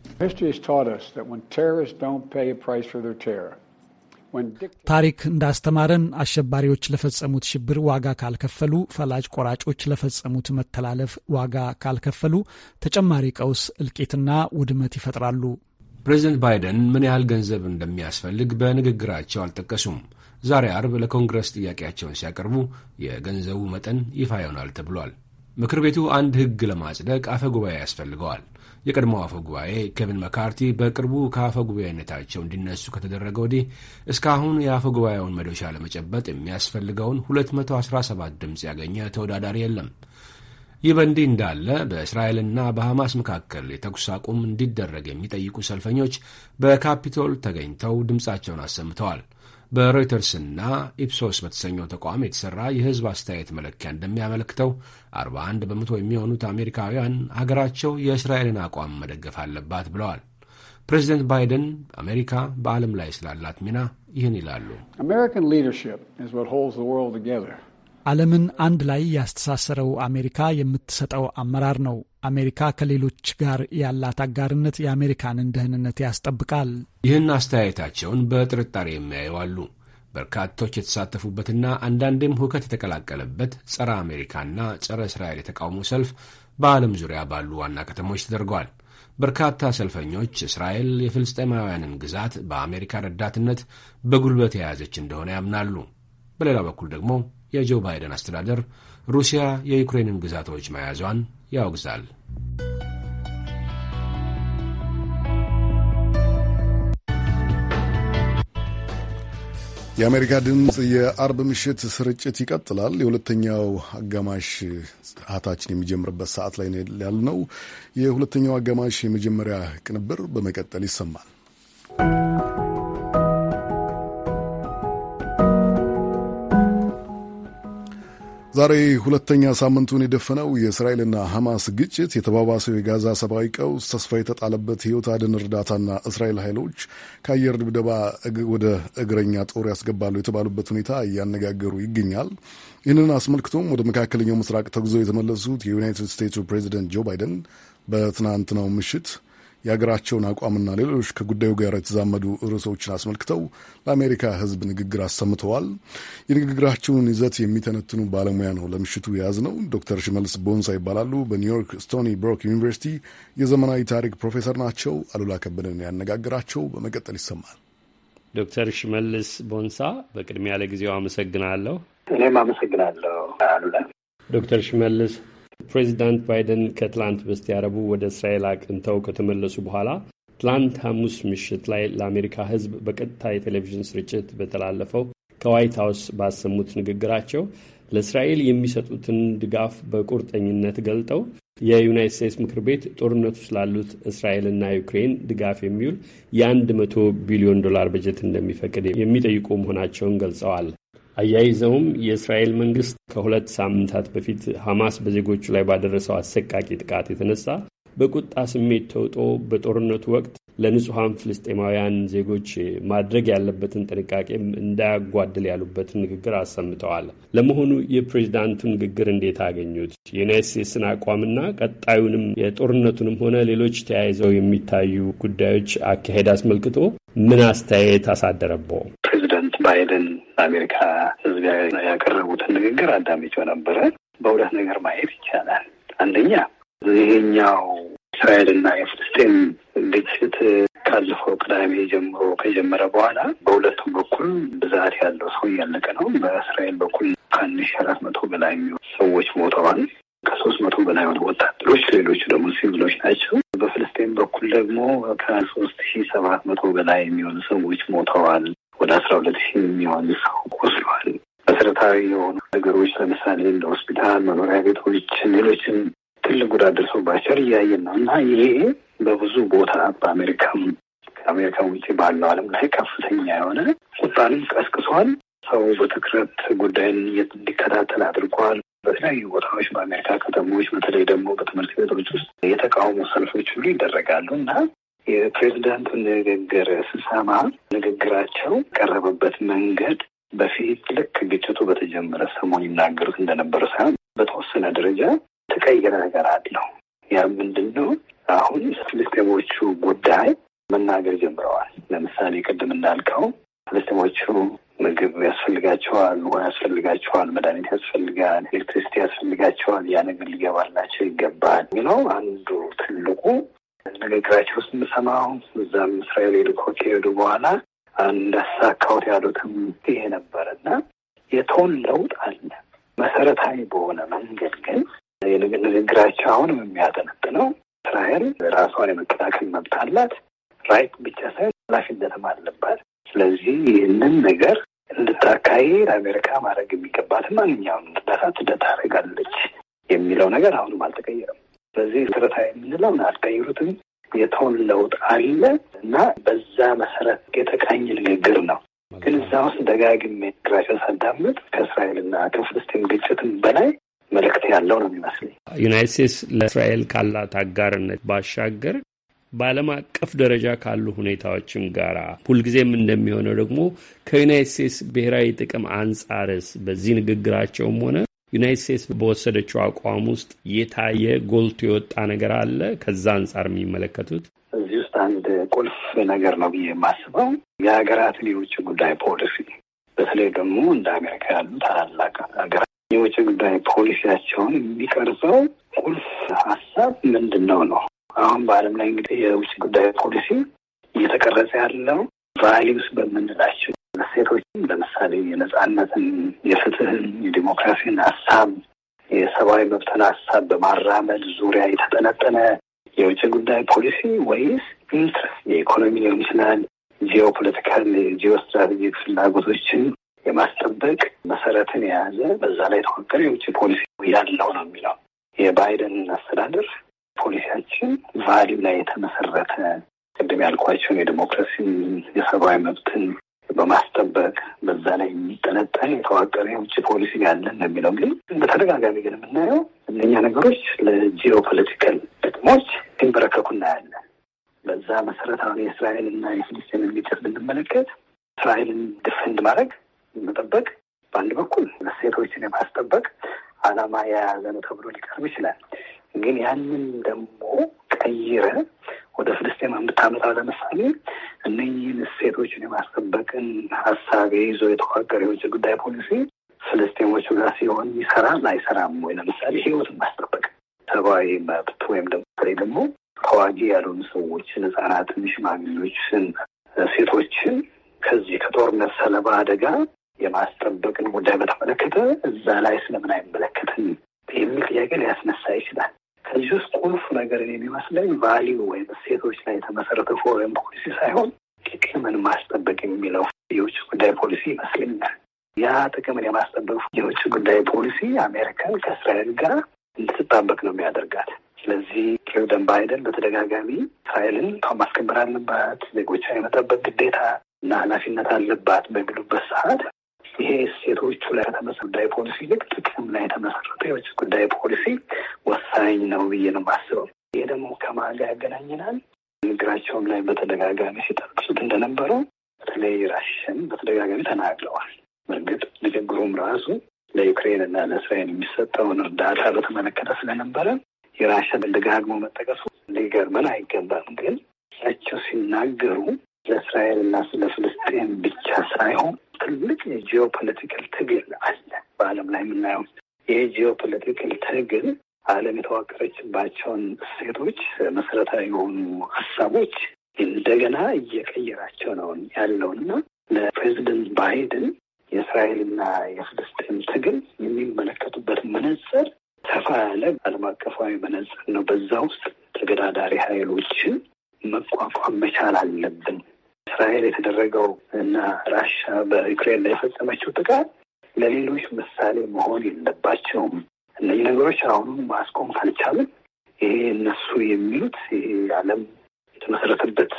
ታሪክ እንዳስተማረን አሸባሪዎች ለፈጸሙት ሽብር ዋጋ ካልከፈሉ፣ ፈላጭ ቆራጮች ለፈጸሙት መተላለፍ ዋጋ ካልከፈሉ ተጨማሪ ቀውስ፣ እልቂትና ውድመት ይፈጥራሉ። ፕሬዚደንት ባይደን ምን ያህል ገንዘብ እንደሚያስፈልግ በንግግራቸው አልጠቀሱም። ዛሬ አርብ ለኮንግረስ ጥያቄያቸውን ሲያቀርቡ የገንዘቡ መጠን ይፋ ይሆናል ተብሏል። ምክር ቤቱ አንድ ሕግ ለማጽደቅ አፈ ጉባኤ ያስፈልገዋል። የቀድሞው አፈ ጉባኤ ኬቪን መካርቲ በቅርቡ ከአፈ ጉባኤነታቸው እንዲነሱ ከተደረገ ወዲህ እስካሁን የአፈ ጉባኤውን መዶሻ ለመጨበጥ የሚያስፈልገውን 217 ድምፅ ያገኘ ተወዳዳሪ የለም። ይህ በእንዲህ እንዳለ በእስራኤልና በሐማስ መካከል የተኩስ አቁም እንዲደረግ የሚጠይቁ ሰልፈኞች በካፒቶል ተገኝተው ድምፃቸውን አሰምተዋል። በሮይተርስና ኢፕሶስ በተሰኘው ተቋም የተሠራ የሕዝብ አስተያየት መለኪያ እንደሚያመለክተው 41 በመቶ የሚሆኑት አሜሪካውያን አገራቸው የእስራኤልን አቋም መደገፍ አለባት ብለዋል። ፕሬዚደንት ባይደን አሜሪካ በዓለም ላይ ስላላት ሚና ይህን ይላሉ። አሜሪካን ሊደርሺፕ ኢዝ ዋት ሆልድስ ዘ ወርልድ ቱጌዘር ዓለምን አንድ ላይ ያስተሳሰረው አሜሪካ የምትሰጠው አመራር ነው። አሜሪካ ከሌሎች ጋር ያላት አጋርነት የአሜሪካንን ደህንነት ያስጠብቃል። ይህን አስተያየታቸውን በጥርጣሬ የሚያዩ አሉ። በርካቶች የተሳተፉበትና አንዳንዴም ሁከት የተቀላቀለበት ጸረ አሜሪካና ጸረ እስራኤል የተቃውሞ ሰልፍ በዓለም ዙሪያ ባሉ ዋና ከተሞች ተደርገዋል። በርካታ ሰልፈኞች እስራኤል የፍልስጤማውያንን ግዛት በአሜሪካ ረዳትነት በጉልበት የያዘች እንደሆነ ያምናሉ። በሌላ በኩል ደግሞ የጆ ባይደን አስተዳደር ሩሲያ የዩክሬንን ግዛቶች መያዟን ያወግዛል። የአሜሪካ ድምፅ የአርብ ምሽት ስርጭት ይቀጥላል። የሁለተኛው አጋማሽ ሰዓታችን የሚጀምርበት ሰዓት ላይ ያልነው የሁለተኛው አጋማሽ የመጀመሪያ ቅንብር በመቀጠል ይሰማል። ዛሬ ሁለተኛ ሳምንቱን የደፈነው የእስራኤልና ሐማስ ግጭት የተባባሰው የጋዛ ሰብአዊ ቀውስ ተስፋ የተጣለበት ሕይወት አድን እርዳታና እስራኤል ኃይሎች ከአየር ድብደባ ወደ እግረኛ ጦር ያስገባሉ የተባሉበት ሁኔታ እያነጋገሩ ይገኛል። ይህንን አስመልክቶም ወደ መካከለኛው ምስራቅ ተጉዞ የተመለሱት የዩናይትድ ስቴትሱ ፕሬዚደንት ጆ ባይደን በትናንትናው ምሽት የሀገራቸውን አቋምና ሌሎች ከጉዳዩ ጋር የተዛመዱ ርዕሶችን አስመልክተው ለአሜሪካ ሕዝብ ንግግር አሰምተዋል። የንግግራቸውን ይዘት የሚተነትኑ ባለሙያ ነው ለምሽቱ የያዝነው። ዶክተር ሽመልስ ቦንሳ ይባላሉ። በኒውዮርክ ስቶኒ ብሮክ ዩኒቨርሲቲ የዘመናዊ ታሪክ ፕሮፌሰር ናቸው። አሉላ ከበደን ያነጋግራቸው በመቀጠል ይሰማል። ዶክተር ሽመልስ ቦንሳ በቅድሚያ ለጊዜው አመሰግናለሁ። እኔም አመሰግናለሁ አሉላ። ዶክተር ሽመልስ ፕሬዚዳንት ባይደን ከትላንት በስቲያ ረቡዕ ወደ እስራኤል አቅንተው ከተመለሱ በኋላ ትላንት ሐሙስ ምሽት ላይ ለአሜሪካ ሕዝብ በቀጥታ የቴሌቪዥን ስርጭት በተላለፈው ከዋይት ሀውስ ባሰሙት ንግግራቸው ለእስራኤል የሚሰጡትን ድጋፍ በቁርጠኝነት ገልጠው የዩናይት ስቴትስ ምክር ቤት ጦርነቱ ስላሉት እስራኤልና ዩክሬን ድጋፍ የሚውል የ መቶ ቢሊዮን ዶላር በጀት እንደሚፈቅድ የሚጠይቁ መሆናቸውን ገልጸዋል። አያይዘውም የእስራኤል መንግስት ከሁለት ሳምንታት በፊት ሐማስ በዜጎቹ ላይ ባደረሰው አሰቃቂ ጥቃት የተነሳ በቁጣ ስሜት ተውጦ በጦርነቱ ወቅት ለንጹሐን ፍልስጤማውያን ዜጎች ማድረግ ያለበትን ጥንቃቄም እንዳያጓድል ያሉበትን ንግግር አሰምተዋል። ለመሆኑ የፕሬዚዳንቱ ንግግር እንዴት አገኙት? የዩናይት ስቴትስን አቋምና ቀጣዩንም የጦርነቱንም ሆነ ሌሎች ተያይዘው የሚታዩ ጉዳዮች አካሄድ አስመልክቶ ምን አስተያየት አሳደረበው? ባይደን አሜሪካ ሕዝብ ያቀረቡትን ንግግር አዳምጬው ነበረ። በሁለት ነገር ማየት ይቻላል። አንደኛ ይሄኛው እስራኤልና የፍልስጤም ግጭት ካለፈው ቅዳሜ ጀምሮ ከጀመረ በኋላ በሁለቱም በኩል ብዛት ያለው ሰው እያለቀ ነው። በእስራኤል በኩል ከአንድ ሺ አራት መቶ በላይ የሚሆኑ ሰዎች ሞተዋል። ከሶስት መቶ በላይ የሆኑ ወታደሮች፣ ሌሎቹ ደግሞ ሲቪሎች ናቸው። በፍልስጤም በኩል ደግሞ ከሶስት ሺ ሰባት መቶ በላይ የሚሆኑ ሰዎች ሞተዋል። ወደ አስራ ሁለት ሺህ የሚሆን ሰው ቆስሏል። መሰረታዊ የሆኑ ነገሮች ለምሳሌ እንደ ሆስፒታል፣ መኖሪያ ቤቶች፣ ሌሎችን ትልቅ ጉዳት ደርሶባቸው እያየን ነው እና ይሄ በብዙ ቦታ በአሜሪካም ከአሜሪካ ውጭ ባለው ዓለም ላይ ከፍተኛ የሆነ ቁጣንም ቀስቅሷል። ሰው በትኩረት ጉዳይን እንዲከታተል አድርጓል። በተለያዩ ቦታዎች በአሜሪካ ከተሞች በተለይ ደግሞ በትምህርት ቤቶች ውስጥ የተቃውሞ ሰልፎች ሁሉ ይደረጋሉ እና የፕሬዝዳንቱን ንግግር ስሰማ ንግግራቸው ቀረበበት መንገድ በፊት ልክ ግጭቱ በተጀመረ ሰሞን ይናገሩት እንደነበረ ሳይሆን በተወሰነ ደረጃ ተቀየረ ነገር አለው። ያ ምንድን ነው? አሁን ፍልስጤሞቹ ጉዳይ መናገር ጀምረዋል። ለምሳሌ ቅድም እንዳልከው ፍልስጤሞቹ ምግብ ያስፈልጋቸዋል፣ ውሃ ያስፈልጋቸዋል፣ መድኃኒት ያስፈልጋል፣ ኤሌክትሪሲቲ ያስፈልጋቸዋል። ያ ነገር ሊገባላቸው ይገባል የሚለው አንዱ ትልቁ ንግግራቸው ውስጥ የምሰማው እዛም እስራኤል ልኮ ከሄዱ በኋላ እንዳሳካሁት ያሉትም ይሄ ነበር እና የቶን ለውጥ አለ። መሰረታዊ በሆነ መንገድ ግን ንግግራቸው አሁንም የሚያጠነጥነው እስራኤል ራሷን የመከላከል መብት አላት፣ ራይት ብቻ ሳይሆን ኃላፊነትም አለባት። ስለዚህ ይህንን ነገር እንድታካሄድ አሜሪካ ማድረግ የሚገባት ማንኛውም እርዳታ ትደታረጋለች የሚለው ነገር አሁንም አልተቀየረም። በዚህ መሰረታዊ የምንለውን አልቀይሩትም። የቶን ለውጥ አለ እና በዛ መሰረት የተቃኝ ንግግር ነው። ግን እዛ ውስጥ ደጋግሜ ግራቸው ሳዳምጥ ከእስራኤልና ከፍልስጤም ግጭትም በላይ መልእክት ያለው ነው የሚመስለኝ። ዩናይት ስቴትስ ለእስራኤል ካላት አጋርነት ባሻገር በዓለም አቀፍ ደረጃ ካሉ ሁኔታዎችም ጋር ሁልጊዜም እንደሚሆነው ደግሞ ከዩናይት ስቴትስ ብሔራዊ ጥቅም አንጻርስ በዚህ ንግግራቸውም ሆነ ዩናይት ስቴትስ በወሰደችው አቋም ውስጥ የታየ ጎልቶ የወጣ ነገር አለ? ከዛ አንጻር የሚመለከቱት እዚህ ውስጥ አንድ ቁልፍ ነገር ነው ብዬ የማስበው የሀገራትን የውጭ ጉዳይ ፖሊሲ በተለይ ደግሞ እንደ አሜሪካ ያሉ ታላላቅ ሀገራት የውጭ ጉዳይ ፖሊሲያቸውን የሚቀርጸው ቁልፍ ሀሳብ ምንድን ነው ነው አሁን በዓለም ላይ እንግዲህ የውጭ ጉዳይ ፖሊሲ እየተቀረጸ ያለው ቫሊዩስ በምንላቸው እሴቶችም ለምሳሌ የነጻነትን፣ የፍትህን፣ የዲሞክራሲን ሀሳብ የሰብአዊ መብትን ሀሳብ በማራመድ ዙሪያ የተጠነጠነ የውጭ ጉዳይ ፖሊሲ ወይስ ኢንትረስት የኢኮኖሚ ሊሆን ይችላል ፖለቲካል የጂኦ ስትራቴጂክ ፍላጎቶችን የማስጠበቅ መሰረትን የያዘ በዛ ላይ የተወቀረ የውጭ ፖሊሲ ያለው ነው የሚለው የባይደን አስተዳደር ፖሊሲያችን ቫሊዩ ላይ የተመሰረተ ቅድም ያልኳቸውን የዲሞክራሲን የሰብአዊ መብትን በማስጠበቅ በዛ ላይ የሚጠነጠን የተዋቀረ የውጭ ፖሊሲ ያለን የሚለው እንግዲህ በተደጋጋሚ ግን የምናየው እነኛ ነገሮች ለጂኦ ፖለቲካል ጥቅሞች ሲንበረከኩ እናያለን። በዛ መሰረታዊ የእስራኤል እና የፊሊስጤንን ግጭት ብንመለከት እስራኤልን ዲፌንድ ማድረግ መጠበቅ በአንድ በኩል እሴቶችን የማስጠበቅ አላማ የያዘ ነው ተብሎ ሊቀርብ ይችላል። ግን ያንን ደግሞ ቀይረ ወደ ፍልስጤም የምታመጣ ለምሳሌ እነኝህን እሴቶችን የማስጠበቅን ሀሳብ ይዞ የተዋቀረ የውጭ ጉዳይ ፖሊሲ ፍልስጤሞቹ ጋር ሲሆን ይሰራል አይሰራም ወይ? ለምሳሌ ህይወትን ማስጠበቅ ሰብአዊ መብት ወይም ደግሞ በተለይ ደግሞ ተዋጊ ያልሆኑ ሰዎችን፣ ህጻናትን፣ ሽማግሌዎችን፣ ሴቶችን ከዚህ ከጦርነት ሰለባ አደጋ የማስጠበቅን ጉዳይ በተመለከተ እዛ ላይ ስለምን አይመለከትም የሚል ጥያቄ ሊያስነሳ ይችላል። ከዚህ ውስጥ ቁልፍ ነገር የሚመስለኝ ቫሊዩ ወይም እሴቶች ላይ የተመሰረተ ፎሬን ፖሊሲ ሳይሆን ጥቅምን ማስጠበቅ የሚለው የውጭ ጉዳይ ፖሊሲ ይመስለኛል። ያ ጥቅምን የማስጠበቅ የውጭ ጉዳይ ፖሊሲ አሜሪካን ከእስራኤል ጋር እንድትጣበቅ ነው የሚያደርጋት። ስለዚህ ፕሬዚደንት ባይደን በተደጋጋሚ እስራኤልን ማስከበር አለባት፣ ዜጎቿ የመጠበቅ ግዴታ እና ኃላፊነት አለባት በሚሉበት ሰዓት ይሄ ሴቶቹ ላይ ከተመሰረተ ጉዳይ ፖሊሲ ይልቅ ጥቅም ላይ የተመሰረተ የውጭ ጉዳይ ፖሊሲ ወሳኝ ነው ብዬ ነው የማስበው። ይሄ ደግሞ ከማጋ ያገናኘናል። ንግግራቸውም ላይ በተደጋጋሚ ሲጠቅሱት እንደነበረው በተለይ ራሽን በተደጋጋሚ ተናግረዋል። በእርግጥ ንግግሩም ራሱ ለዩክሬን እና ለእስራኤል የሚሰጠውን እርዳታ በተመለከተ ስለነበረ የራሽን ደጋግሞ መጠቀሱ ሊገርመን አይገባም። ግን እሳቸው ሲናገሩ ለእስራኤል እና ለፍልስ ዩክሬን ብቻ ሳይሆን ትልቅ የጂኦ ፖለቲካል ትግል አለ በዓለም ላይ የምናየው። ይህ ጂኦ ፖለቲካል ትግል ዓለም የተዋቀረችባቸውን እሴቶች፣ መሰረታዊ የሆኑ ሀሳቦች እንደገና እየቀየራቸው ነው ያለው እና ለፕሬዚደንት ባይደን የእስራኤልና የፍልስጤም ትግል የሚመለከቱበት መነጽር ሰፋ ያለ ዓለም አቀፋዊ መነጽር ነው። በዛ ውስጥ ተገዳዳሪ ኃይሎችን መቋቋም መቻል አለብን እስራኤል የተደረገው እና ራሻ በዩክሬን ላይ የፈጸመችው ጥቃት ለሌሎች ምሳሌ መሆን የለባቸውም። እነዚህ ነገሮች አሁኑም ማስቆም ካልቻለን ይሄ እነሱ የሚሉት ይሄ ዓለም የተመሰረተበት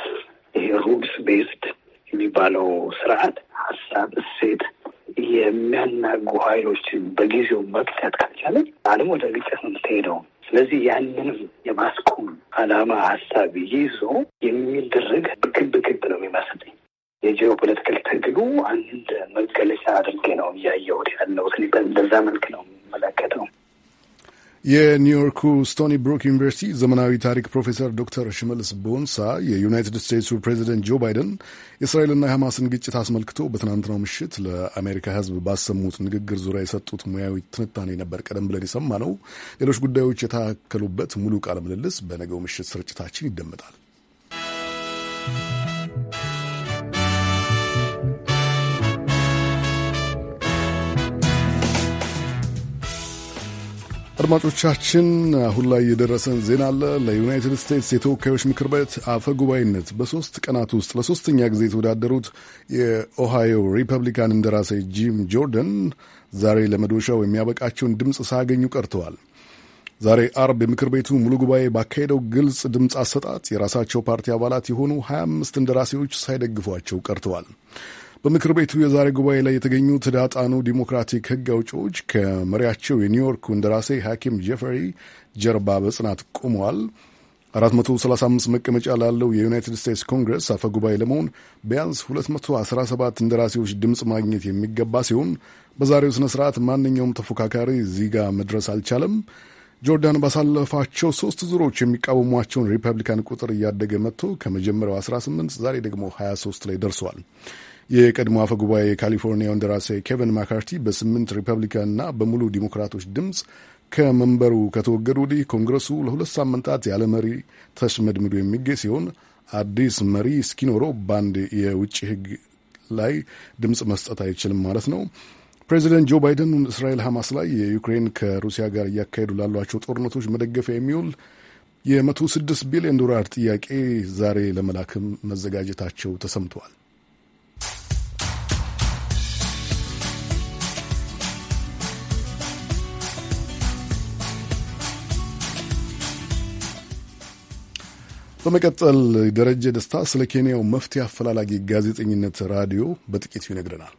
ይሄ ሩልስ ቤዝድ የሚባለው ስርዓት ሀሳብ፣ እሴት የሚያናጉ ኃይሎችን በጊዜው መቅጨት ካልቻለን ዓለም ወደ ግጭት ነው የምትሄደው። ስለዚህ ያንንም የማስቆም አላማ ሀሳብ ይዞ የሚደረግ ግብ ግብ ነው የሚመስለኝ። የጂኦ ፖለቲካል ትግሉ አንድ መገለጫ አድርጌ ነው እያየሁት ያለሁት። በዛ መልክ ነው የምመለከተው። የኒውዮርኩ ስቶኒ ብሩክ ዩኒቨርሲቲ ዘመናዊ ታሪክ ፕሮፌሰር ዶክተር ሽመልስ ቦንሳ የዩናይትድ ስቴትሱ ፕሬዚደንት ጆ ባይደን የእስራኤልና የሐማስን ግጭት አስመልክቶ በትናንትናው ምሽት ለአሜሪካ ሕዝብ ባሰሙት ንግግር ዙሪያ የሰጡት ሙያዊ ትንታኔ ነበር ቀደም ብለን የሰማ ነው። ሌሎች ጉዳዮች የታከሉበት ሙሉ ቃለ ምልልስ በነገው ምሽት ስርጭታችን ይደመጣል። አድማጮቻችን አሁን ላይ የደረሰን ዜና አለ። ለዩናይትድ ስቴትስ የተወካዮች ምክር ቤት አፈ ጉባኤነት በሶስት ቀናት ውስጥ ለሶስተኛ ጊዜ የተወዳደሩት የኦሃዮ ሪፐብሊካን እንደራሴ ጂም ጆርደን ዛሬ ለመዶሻው የሚያበቃቸውን ድምፅ ሳያገኙ ቀርተዋል። ዛሬ አርብ የምክር ቤቱ ሙሉ ጉባኤ ባካሄደው ግልጽ ድምፅ አሰጣት የራሳቸው ፓርቲ አባላት የሆኑ 25 እንደራሴዎች ሳይደግፏቸው ቀርተዋል። በምክር ቤቱ የዛሬ ጉባኤ ላይ የተገኙት ህዳጣኑ ዲሞክራቲክ ህግ አውጪዎች ከመሪያቸው የኒውዮርክ እንደራሴ ሐኪም ጀፈሪ ጀርባ በጽናት ቆመዋል። 435 መቀመጫ ላለው የዩናይትድ ስቴትስ ኮንግረስ አፈ ጉባኤ ለመሆን ቢያንስ 217 እንደራሴዎች ድምፅ ማግኘት የሚገባ ሲሆን በዛሬው ሥነ ሥርዓት ማንኛውም ተፎካካሪ ዚጋ መድረስ አልቻለም። ጆርዳን ባሳለፋቸው ሶስት ዙሮች የሚቃወሟቸውን ሪፐብሊካን ቁጥር እያደገ መጥቶ ከመጀመሪያው 18 ዛሬ ደግሞ 23 ላይ ደርሰዋል። የቀድሞ አፈ ጉባኤ የካሊፎርኒያውን ደራሲ ኬቨን ማካርቲ በስምንት ሪፐብሊካንና በሙሉ ዲሞክራቶች ድምፅ ከመንበሩ ከተወገዱ ወዲህ ኮንግረሱ ለሁለት ሳምንታት ያለ መሪ ተሽመድምዶ የሚገኝ ሲሆን አዲስ መሪ እስኪኖረው በአንድ የውጭ ሕግ ላይ ድምፅ መስጠት አይችልም ማለት ነው። ፕሬዚደንት ጆ ባይደን እስራኤል ሐማስ ላይ የዩክሬን ከሩሲያ ጋር እያካሄዱ ላሏቸው ጦርነቶች መደገፊያ የሚውል የ106 ቢሊዮን ዶላር ጥያቄ ዛሬ ለመላክም መዘጋጀታቸው ተሰምተዋል። በመቀጠል ደረጀ ደስታ ስለ ኬንያው መፍትሄ አፈላላጊ ጋዜጠኝነት ራዲዮ በጥቂቱ ይነግረናል።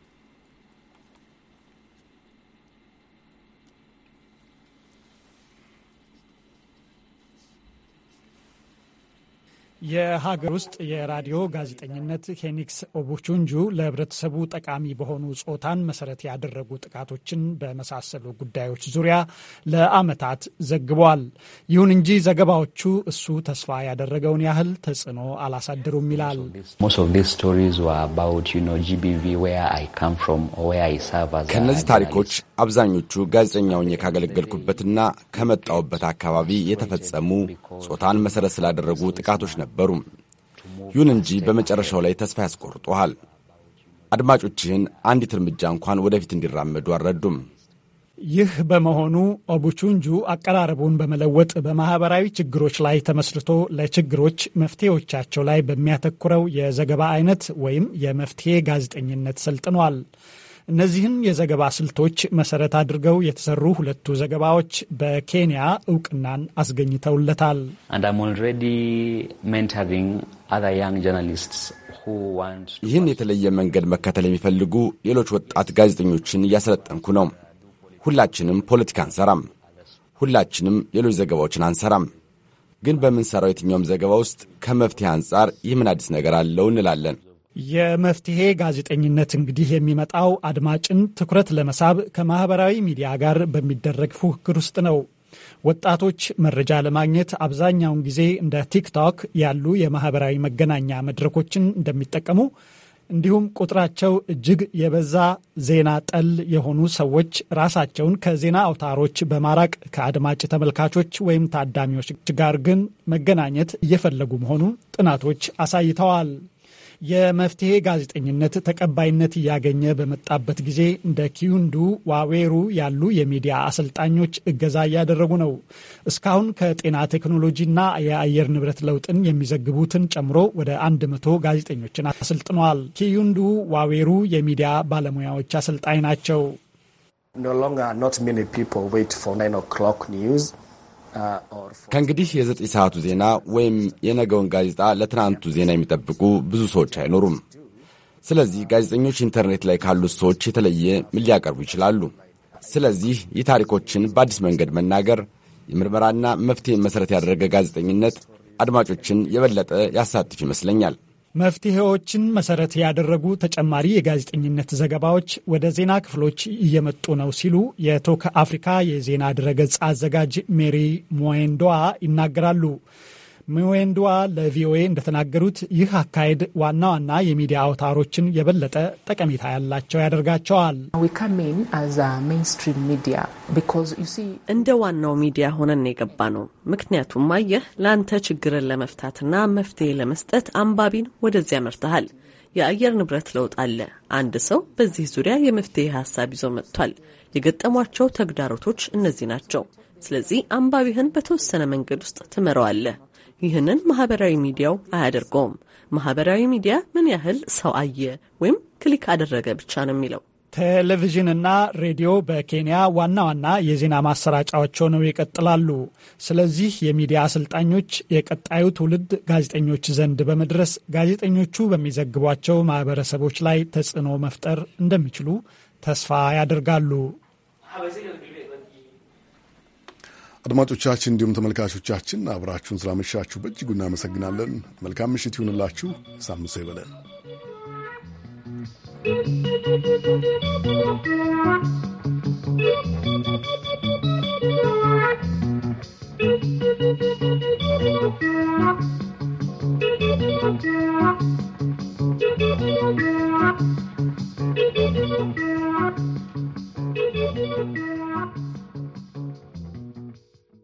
የሀገር ውስጥ የራዲዮ ጋዜጠኝነት ሄኒክስ ኦቡቹንጁ ለህብረተሰቡ ጠቃሚ በሆኑ ጾታን መሰረት ያደረጉ ጥቃቶችን በመሳሰሉ ጉዳዮች ዙሪያ ለአመታት ዘግቧል። ይሁን እንጂ ዘገባዎቹ እሱ ተስፋ ያደረገውን ያህል ተጽዕኖ አላሳደሩም ይላል። ከእነዚህ ታሪኮች አብዛኞቹ ጋዜጠኛ ሆኜ ካገለገልኩበትና አካባቢ የተፈጸሙ ጾታን መሰረት ስላደረጉ ጥቃቶች ነበር። አልነበሩም። ይሁን እንጂ በመጨረሻው ላይ ተስፋ ያስቆርጦሃል። አድማጮችህን አንዲት እርምጃ እንኳን ወደፊት እንዲራመዱ አልረዱም። ይህ በመሆኑ ኦቡቹንጁ አቀራረቡን በመለወጥ በማህበራዊ ችግሮች ላይ ተመስርቶ ለችግሮች መፍትሄዎቻቸው ላይ በሚያተኩረው የዘገባ አይነት ወይም የመፍትሄ ጋዜጠኝነት ሰልጥኗል። እነዚህን የዘገባ ስልቶች መሰረት አድርገው የተሰሩ ሁለቱ ዘገባዎች በኬንያ እውቅናን አስገኝተውለታል። ይህን የተለየ መንገድ መከተል የሚፈልጉ ሌሎች ወጣት ጋዜጠኞችን እያሰለጠንኩ ነው። ሁላችንም ፖለቲካ አንሰራም። ሁላችንም ሌሎች ዘገባዎችን አንሰራም። ግን በምንሰራው የትኛውም ዘገባ ውስጥ ከመፍትሄ አንጻር ይህ ምን አዲስ ነገር አለው እንላለን። የመፍትሄ ጋዜጠኝነት እንግዲህ የሚመጣው አድማጭን ትኩረት ለመሳብ ከማህበራዊ ሚዲያ ጋር በሚደረግ ፉክክር ውስጥ ነው። ወጣቶች መረጃ ለማግኘት አብዛኛውን ጊዜ እንደ ቲክቶክ ያሉ የማህበራዊ መገናኛ መድረኮችን እንደሚጠቀሙ እንዲሁም ቁጥራቸው እጅግ የበዛ ዜና ጠል የሆኑ ሰዎች ራሳቸውን ከዜና አውታሮች በማራቅ ከአድማጭ ተመልካቾች ወይም ታዳሚዎች ጋር ግን መገናኘት እየፈለጉ መሆኑን ጥናቶች አሳይተዋል። የመፍትሄ ጋዜጠኝነት ተቀባይነት እያገኘ በመጣበት ጊዜ እንደ ኪዩንዱ ዋዌሩ ያሉ የሚዲያ አሰልጣኞች እገዛ እያደረጉ ነው። እስካሁን ከጤና ቴክኖሎጂና የአየር ንብረት ለውጥን የሚዘግቡትን ጨምሮ ወደ አንድ መቶ ጋዜጠኞችን አሰልጥነዋል። ኪዩንዱ ዋዌሩ የሚዲያ ባለሙያዎች አሰልጣኝ ናቸው። No longer not many people wait for o'clock news. ከእንግዲህ የዘጠኝ ሰዓቱ ዜና ወይም የነገውን ጋዜጣ ለትናንቱ ዜና የሚጠብቁ ብዙ ሰዎች አይኖሩም። ስለዚህ ጋዜጠኞች ኢንተርኔት ላይ ካሉት ሰዎች የተለየ ምን ሊያቀርቡ ይችላሉ? ስለዚህ የታሪኮችን በአዲስ መንገድ መናገር፣ የምርመራና መፍትሄ መሠረት ያደረገ ጋዜጠኝነት አድማጮችን የበለጠ ያሳትፍ ይመስለኛል። መፍትሄዎችን መሰረት ያደረጉ ተጨማሪ የጋዜጠኝነት ዘገባዎች ወደ ዜና ክፍሎች እየመጡ ነው ሲሉ የቶክ አፍሪካ የዜና ድረገጽ አዘጋጅ ሜሪ ሞዌንዶዋ ይናገራሉ። ሚዌንድዋ ለቪኦኤ እንደተናገሩት ይህ አካሄድ ዋና ዋና የሚዲያ አውታሮችን የበለጠ ጠቀሜታ ያላቸው ያደርጋቸዋል። እንደ ዋናው ሚዲያ ሆነን የገባ ነው። ምክንያቱም አየህ፣ ለአንተ ችግርን ለመፍታትና መፍትሄ ለመስጠት አንባቢን ወደዚያ መርተሃል። የአየር ንብረት ለውጥ አለ። አንድ ሰው በዚህ ዙሪያ የመፍትሄ ሀሳብ ይዞ መጥቷል። የገጠሟቸው ተግዳሮቶች እነዚህ ናቸው። ስለዚህ አንባቢህን በተወሰነ መንገድ ውስጥ ትመረዋለህ። ይህንን ማህበራዊ ሚዲያው አያደርገውም። ማህበራዊ ሚዲያ ምን ያህል ሰው አየ ወይም ክሊክ አደረገ ብቻ ነው የሚለው። ቴሌቪዥንና ሬዲዮ በኬንያ ዋና ዋና የዜና ማሰራጫዎች ሆነው ይቀጥላሉ። ስለዚህ የሚዲያ አሰልጣኞች የቀጣዩ ትውልድ ጋዜጠኞች ዘንድ በመድረስ ጋዜጠኞቹ በሚዘግቧቸው ማህበረሰቦች ላይ ተጽዕኖ መፍጠር እንደሚችሉ ተስፋ ያደርጋሉ። አድማጮቻችን እንዲሁም ተመልካቾቻችን አብራችሁን ስላመሻችሁ በእጅጉ እናመሰግናለን። መልካም ምሽት ይሁንላችሁ። ሳምሶ ይበለን።